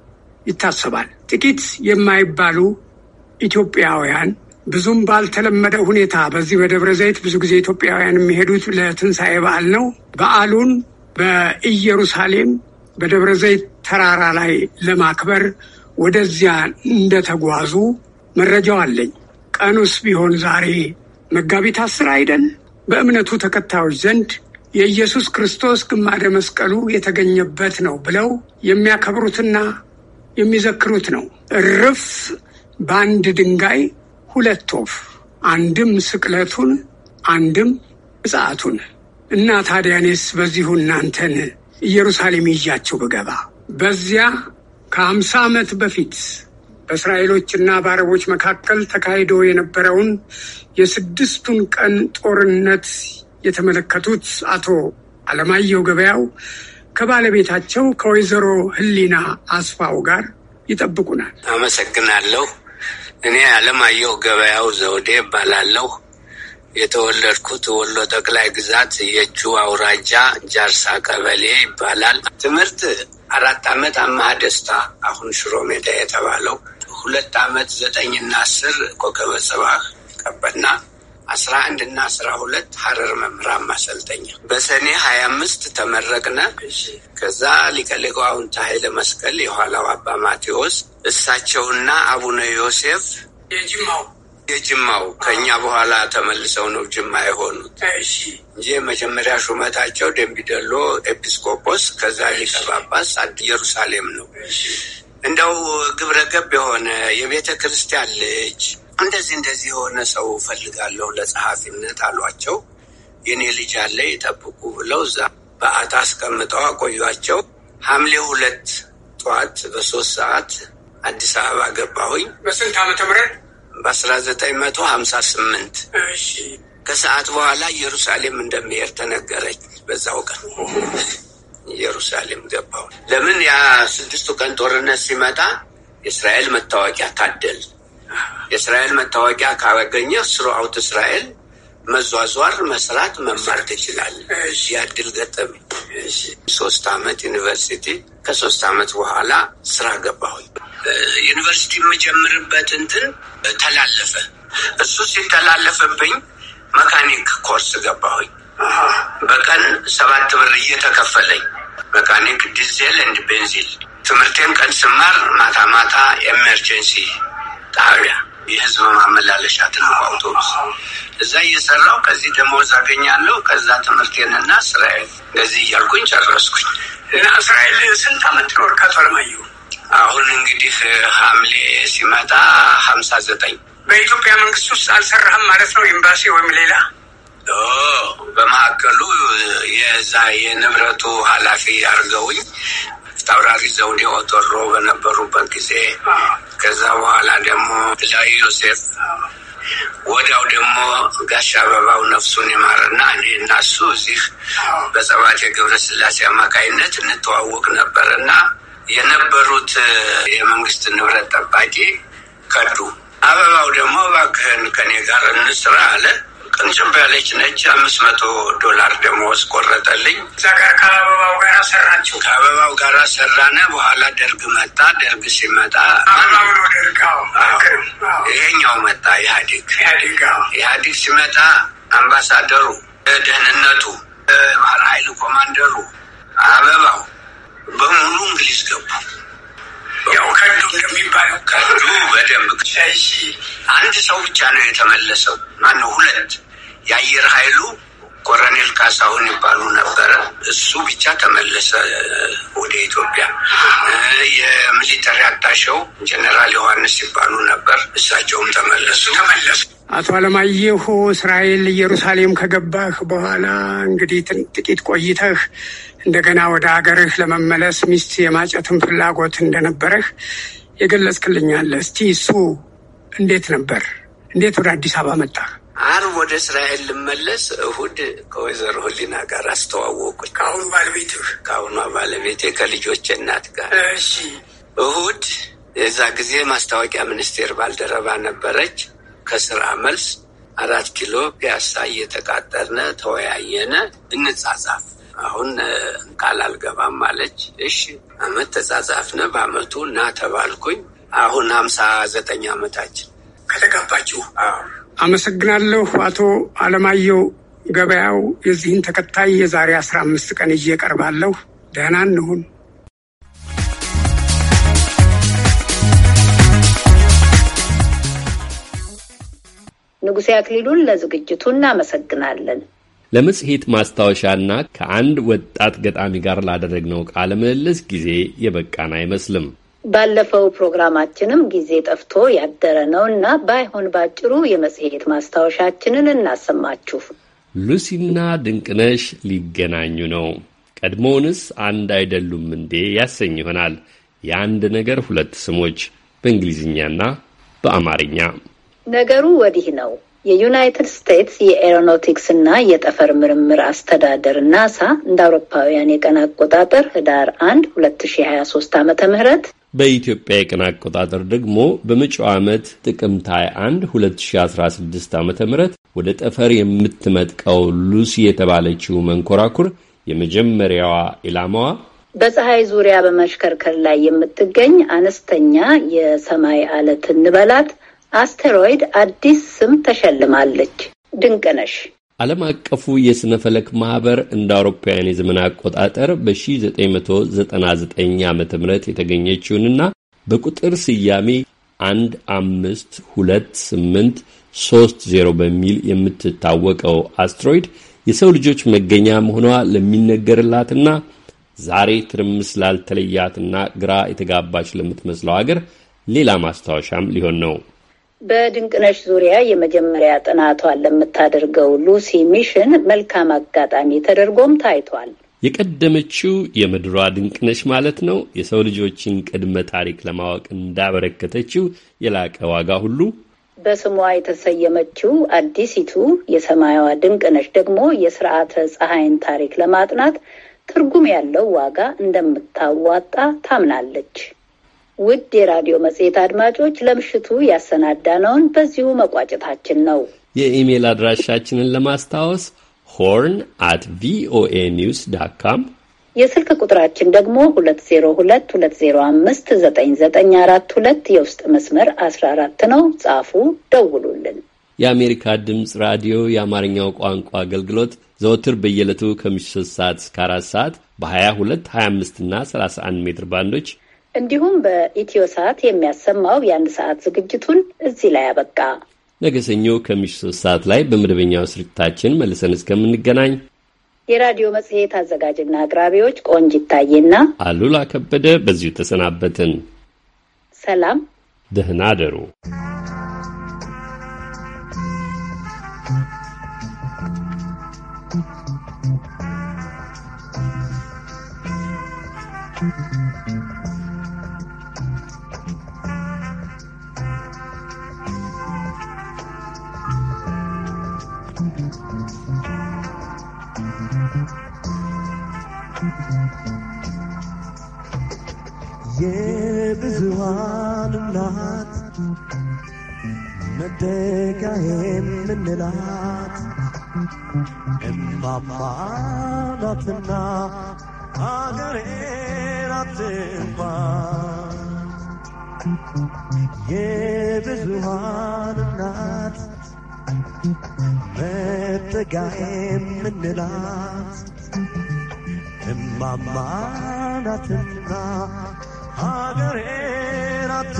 ይታሰባል። ጥቂት የማይባሉ ኢትዮጵያውያን ብዙም ባልተለመደ ሁኔታ በዚህ በደብረ ዘይት ብዙ ጊዜ ኢትዮጵያውያን የሚሄዱት ለትንሣኤ በዓል ነው። በዓሉን በኢየሩሳሌም በደብረ ዘይት ተራራ ላይ ለማክበር ወደዚያ እንደተጓዙ መረጃው አለኝ። ቀኑስ ቢሆን ዛሬ መጋቢት አስር አይደል? በእምነቱ ተከታዮች ዘንድ የኢየሱስ ክርስቶስ ግማደ መስቀሉ የተገኘበት ነው ብለው የሚያከብሩትና የሚዘክሩት ነው። እርፍ በአንድ ድንጋይ ሁለት ወፍ፣ አንድም ስቅለቱን፣ አንድም ምጽአቱን እና ታዲያኔስ በዚሁ እናንተን ኢየሩሳሌም ይዣቸው ብገባ በዚያ ከአምሳ ዓመት በፊት በእስራኤሎችና በአረቦች መካከል ተካሂዶ የነበረውን የስድስቱን ቀን ጦርነት የተመለከቱት አቶ አለማየሁ ገበያው ከባለቤታቸው ከወይዘሮ ህሊና አስፋው ጋር ይጠብቁናል። አመሰግናለሁ። እኔ አለማየሁ ገበያው ዘውዴ እባላለሁ። የተወለድኩት ወሎ ጠቅላይ ግዛት የእጁ አውራጃ ጃርሳ ቀበሌ ይባላል። ትምህርት አራት ዓመት አማሃ ደስታ አሁን ሽሮ ሜዳ የተባለው ሁለት ዓመት ዘጠኝና አስር ኮከበ ጽባህ ቀበና አስራ አንድ እና አስራ ሁለት ሀረር መምህራን ማሰልጠኛ በሰኔ ሀያ አምስት ተመረቅነ። ከዛ ሊቀ ሊቃውንት ኃይለ መስቀል የኋላው አባ ማቴዎስ እሳቸውና አቡነ ዮሴፍ የጅማው የጅማው ከእኛ በኋላ ተመልሰው ነው ጅማ የሆኑት እንጂ የመጀመሪያ ሹመታቸው ደምቢዶሎ ኤጲስቆጶስ ከዛ ሊቀ ጳጳስ ኢየሩሳሌም ነው። እንደው ግብረ ገብ የሆነ የቤተ ክርስቲያን ልጅ እንደዚህ እንደዚህ የሆነ ሰው ፈልጋለሁ ለጸሐፊነት አሏቸው። የኔ ልጅ አለ ይጠብቁ ብለው እዛ በአት አስቀምጠው አቆዩቸው። ሐምሌ ሁለት ጠዋት በሶስት ሰዓት አዲስ አበባ ገባሁኝ። በስንት ዓመተ ምህረት? በአስራ ዘጠኝ መቶ ሀምሳ ስምንት ከሰዓት በኋላ ኢየሩሳሌም እንደሚሄድ ተነገረኝ። በዛው ቀን ኢየሩሳሌም ገባሁ። ለምን ያ ስድስቱ ቀን ጦርነት ሲመጣ የእስራኤል መታወቂያ ታደል የእስራኤል መታወቂያ ካገኘ ስሩአውት እስራኤል መዟዟር፣ መስራት፣ መማር ትችላል። እዚህ አድል ገጠም ሶስት አመት ዩኒቨርሲቲ ከሶስት አመት በኋላ ስራ ገባሁኝ። ዩኒቨርሲቲ የምጀምርበት እንትን ተላለፈ። እሱ ሲተላለፍብኝ መካኒክ ኮርስ ገባሁኝ። በቀን ሰባት ብር እየተከፈለኝ መካኒክ ዲዜል እንድ ቤንዚል። ትምህርቴን ቀን ስማር ማታ ማታ ኤመርጀንሲ ጣቢያ የህዝብ ማመላለሻ ትልቁ አውቶቡስ እዛ እየሰራው ከዚህ ደሞዝ አገኛለሁ ከዛ ትምህርቴንና እስራኤል እንደዚህ እያልኩኝ ጨረስኩኝ እና እስራኤል ስንት አመት ኖር ከፈርማዩ አሁን እንግዲህ ሐምሌ ሲመጣ ሀምሳ ዘጠኝ በኢትዮጵያ መንግስት ውስጥ አልሰራህም ማለት ነው። ኤምባሲ ወይም ሌላ በመካከሉ የዛ የንብረቱ ኃላፊ አድርገውኝ አብራሪ ዘውዴ ኦቶሮ በነበሩበት ጊዜ ከዛ በኋላ ደግሞ ላዩ ዮሴፍ ወዲያው ደግሞ ጋሽ አበባው ነፍሱን ይማርና እኔ እና እሱ እዚህ በጸባቴ ገብረ ስላሴ አማካይነት እንተዋወቅ ነበር እና የነበሩት የመንግስት ንብረት ጠባቂ ከዱ አበባው ደግሞ እባክህን ከኔ ጋር እንስራ አለ። ትንሽ ባለች ነች። አምስት መቶ ዶላር ደሞዝ ቆረጠልኝ። እዛ ጋር ከአበባው ጋር ሰራችሁ? ከአበባው ጋር ሰራነ። በኋላ ደርግ መጣ። ደርግ ሲመጣ አበባው ነው ደርግ። ይሄኛው መጣ ኢህአዴግ። ኢህአዴግ ሲመጣ አምባሳደሩ፣ ደህንነቱ፣ ባህር ኃይል ኮማንደሩ፣ አበባው በሙሉ እንግሊዝ ገቡ። ያው ከዱ እንደሚባለው ከዱ በደንብ አንድ ሰው ብቻ ነው የተመለሰው። ማነው? ሁለት የአየር ኃይሉ ኮረኔል ካሳሁን ይባሉ ነበረ። እሱ ብቻ ተመለሰ ወደ ኢትዮጵያ። የሚሊተሪ አታሸው ጀኔራል ዮሐንስ ይባሉ ነበር። እሳቸውም ተመለሱ ተመለሱ። አቶ አለማየሁ እስራኤል ኢየሩሳሌም ከገባህ በኋላ እንግዲህ ጥቂት ቆይተህ እንደገና ወደ ሀገርህ ለመመለስ ሚስት የማጨትን ፍላጎት እንደነበረህ የገለጽክልኛለ። እስቲ እሱ እንዴት ነበር? እንዴት ወደ አዲስ አበባ መጣህ? አርብ ወደ እስራኤል ልመለስ እሁድ ከወይዘሮ ህሊና ጋር አስተዋወቁ። ከአሁኑ ባለቤት ከአሁኗ ባለቤቴ ከልጆች እናት ጋር እሺ። እሁድ የዛ ጊዜ ማስታወቂያ ሚኒስቴር ባልደረባ ነበረች። ከስራ መልስ አራት ኪሎ ፒያሳ እየተቃጠርነ ተወያየነ፣ እንጻጻፍ አሁን ቃል አልገባም አለች። እሺ አመት ተጻጻፍነ። በአመቱ እና ተባልኩኝ። አሁን ሀምሳ ዘጠኝ አመታችን ከተጋባችሁ አመሰግናለሁ። አቶ አለማየሁ ገበያው የዚህን ተከታይ የዛሬ አስራ አምስት ቀን ይዤ ቀርባለሁ። ደህና እንሁን። ንጉሴ አክሊሉን ለዝግጅቱ እናመሰግናለን። ለመጽሔት ማስታወሻና ከአንድ ወጣት ገጣሚ ጋር ላደረግነው ቃለ ምልልስ ጊዜ የበቃን አይመስልም። ባለፈው ፕሮግራማችንም ጊዜ ጠፍቶ ያደረ ነው እና ባይሆን ባጭሩ የመጽሔት ማስታወሻችንን እናሰማችሁ። ሉሲና ድንቅነሽ ሊገናኙ ነው። ቀድሞውንስ አንድ አይደሉም እንዴ ያሰኝ ይሆናል። የአንድ ነገር ሁለት ስሞች በእንግሊዝኛና በአማርኛ ነገሩ ወዲህ ነው። የዩናይትድ ስቴትስ የኤሮኖቲክስ እና የጠፈር ምርምር አስተዳደር ናሳ እንደ አውሮፓውያን የቀን አቆጣጠር ህዳር አንድ ሁለት ሺ ሀያ ሶስት አመተ ምህረት በኢትዮጵያ የቀን አቆጣጠር ደግሞ በመጪው ዓመት ጥቅምት 21 2016 ዓ ም ወደ ጠፈር የምትመጥቀው ሉሲ የተባለችው መንኮራኩር የመጀመሪያዋ ኢላማዋ በፀሐይ ዙሪያ በመሽከርከር ላይ የምትገኝ አነስተኛ የሰማይ አለት እንበላት አስቴሮይድ አዲስ ስም ተሸልማለች። ድንቅ ነሽ። ዓለም አቀፉ የሥነ ፈለክ ማኅበር እንደ አውሮፓውያን የዘመን አቆጣጠር በ1999 ዓ ም የተገኘችውንና በቁጥር ስያሜ 1 በሚል የምትታወቀው አስትሮይድ የሰው ልጆች መገኛ መሆኗ ለሚነገርላትና ዛሬ ትርምስ ላልተለያትና ግራ የተጋባች ለምትመስለው አገር ሌላ ማስታወሻም ሊሆን ነው። በድንቅነሽ ዙሪያ የመጀመሪያ ጥናቷን ለምታደርገው ሉሲ ሚሽን መልካም አጋጣሚ ተደርጎም ታይቷል። የቀደመችው የምድሯ ድንቅነሽ ማለት ነው የሰው ልጆችን ቅድመ ታሪክ ለማወቅ እንዳበረከተችው የላቀ ዋጋ ሁሉ በስሟ የተሰየመችው አዲሲቱ የሰማያዋ ድንቅነሽ ደግሞ የስርዓተ ፀሐይን ታሪክ ለማጥናት ትርጉም ያለው ዋጋ እንደምታዋጣ ታምናለች። ውድ የራዲዮ መጽሔት አድማጮች ለምሽቱ ያሰናዳነውን በዚሁ መቋጨታችን ነው። የኢሜል አድራሻችንን ለማስታወስ ሆርን አት ቪኦኤ ኒውስ ዳት ካም የስልክ ቁጥራችን ደግሞ 2022059942 የውስጥ መስመር 14 ነው። ጻፉ፣ ደውሉልን። የአሜሪካ ድምፅ ራዲዮ የአማርኛው ቋንቋ አገልግሎት ዘወትር በየዕለቱ ከምሽቱ 3 ሰዓት እስከ 4 ሰዓት በ22፣ 25 እና 31 ሜትር ባንዶች እንዲሁም በኢትዮ ሰዓት የሚያሰማው የአንድ ሰዓት ዝግጅቱን እዚህ ላይ አበቃ። ነገ ሰኞ ከምሽቱ ሶስት ሰዓት ላይ በመደበኛው ስርጭታችን መልሰን እስከምንገናኝ የራዲዮ መጽሔት አዘጋጅና አቅራቢዎች ቆንጅ ይታየና አሉላ ከበደ በዚሁ ተሰናበትን። ሰላም፣ ደህና አደሩ። Thank you. ብርሃን ናት መደጋዬም ምንላት እማማ ናትና አገሬ ናትማ የብዙሃን ናት መጠጋዬም ምንላት እማማ ናትና 하늘에라든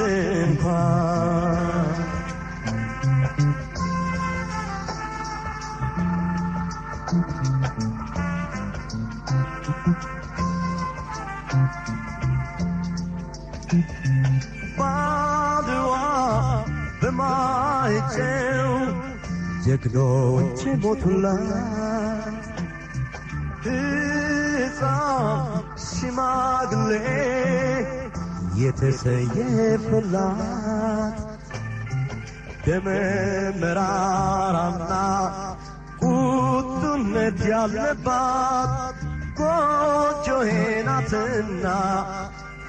과 과두와 배마이제우 제그도 제못올라 그사 심하길래 የተሰየፈላት ደመ መራራና ቁጡነት ያለባት ጎጆ ሄናትና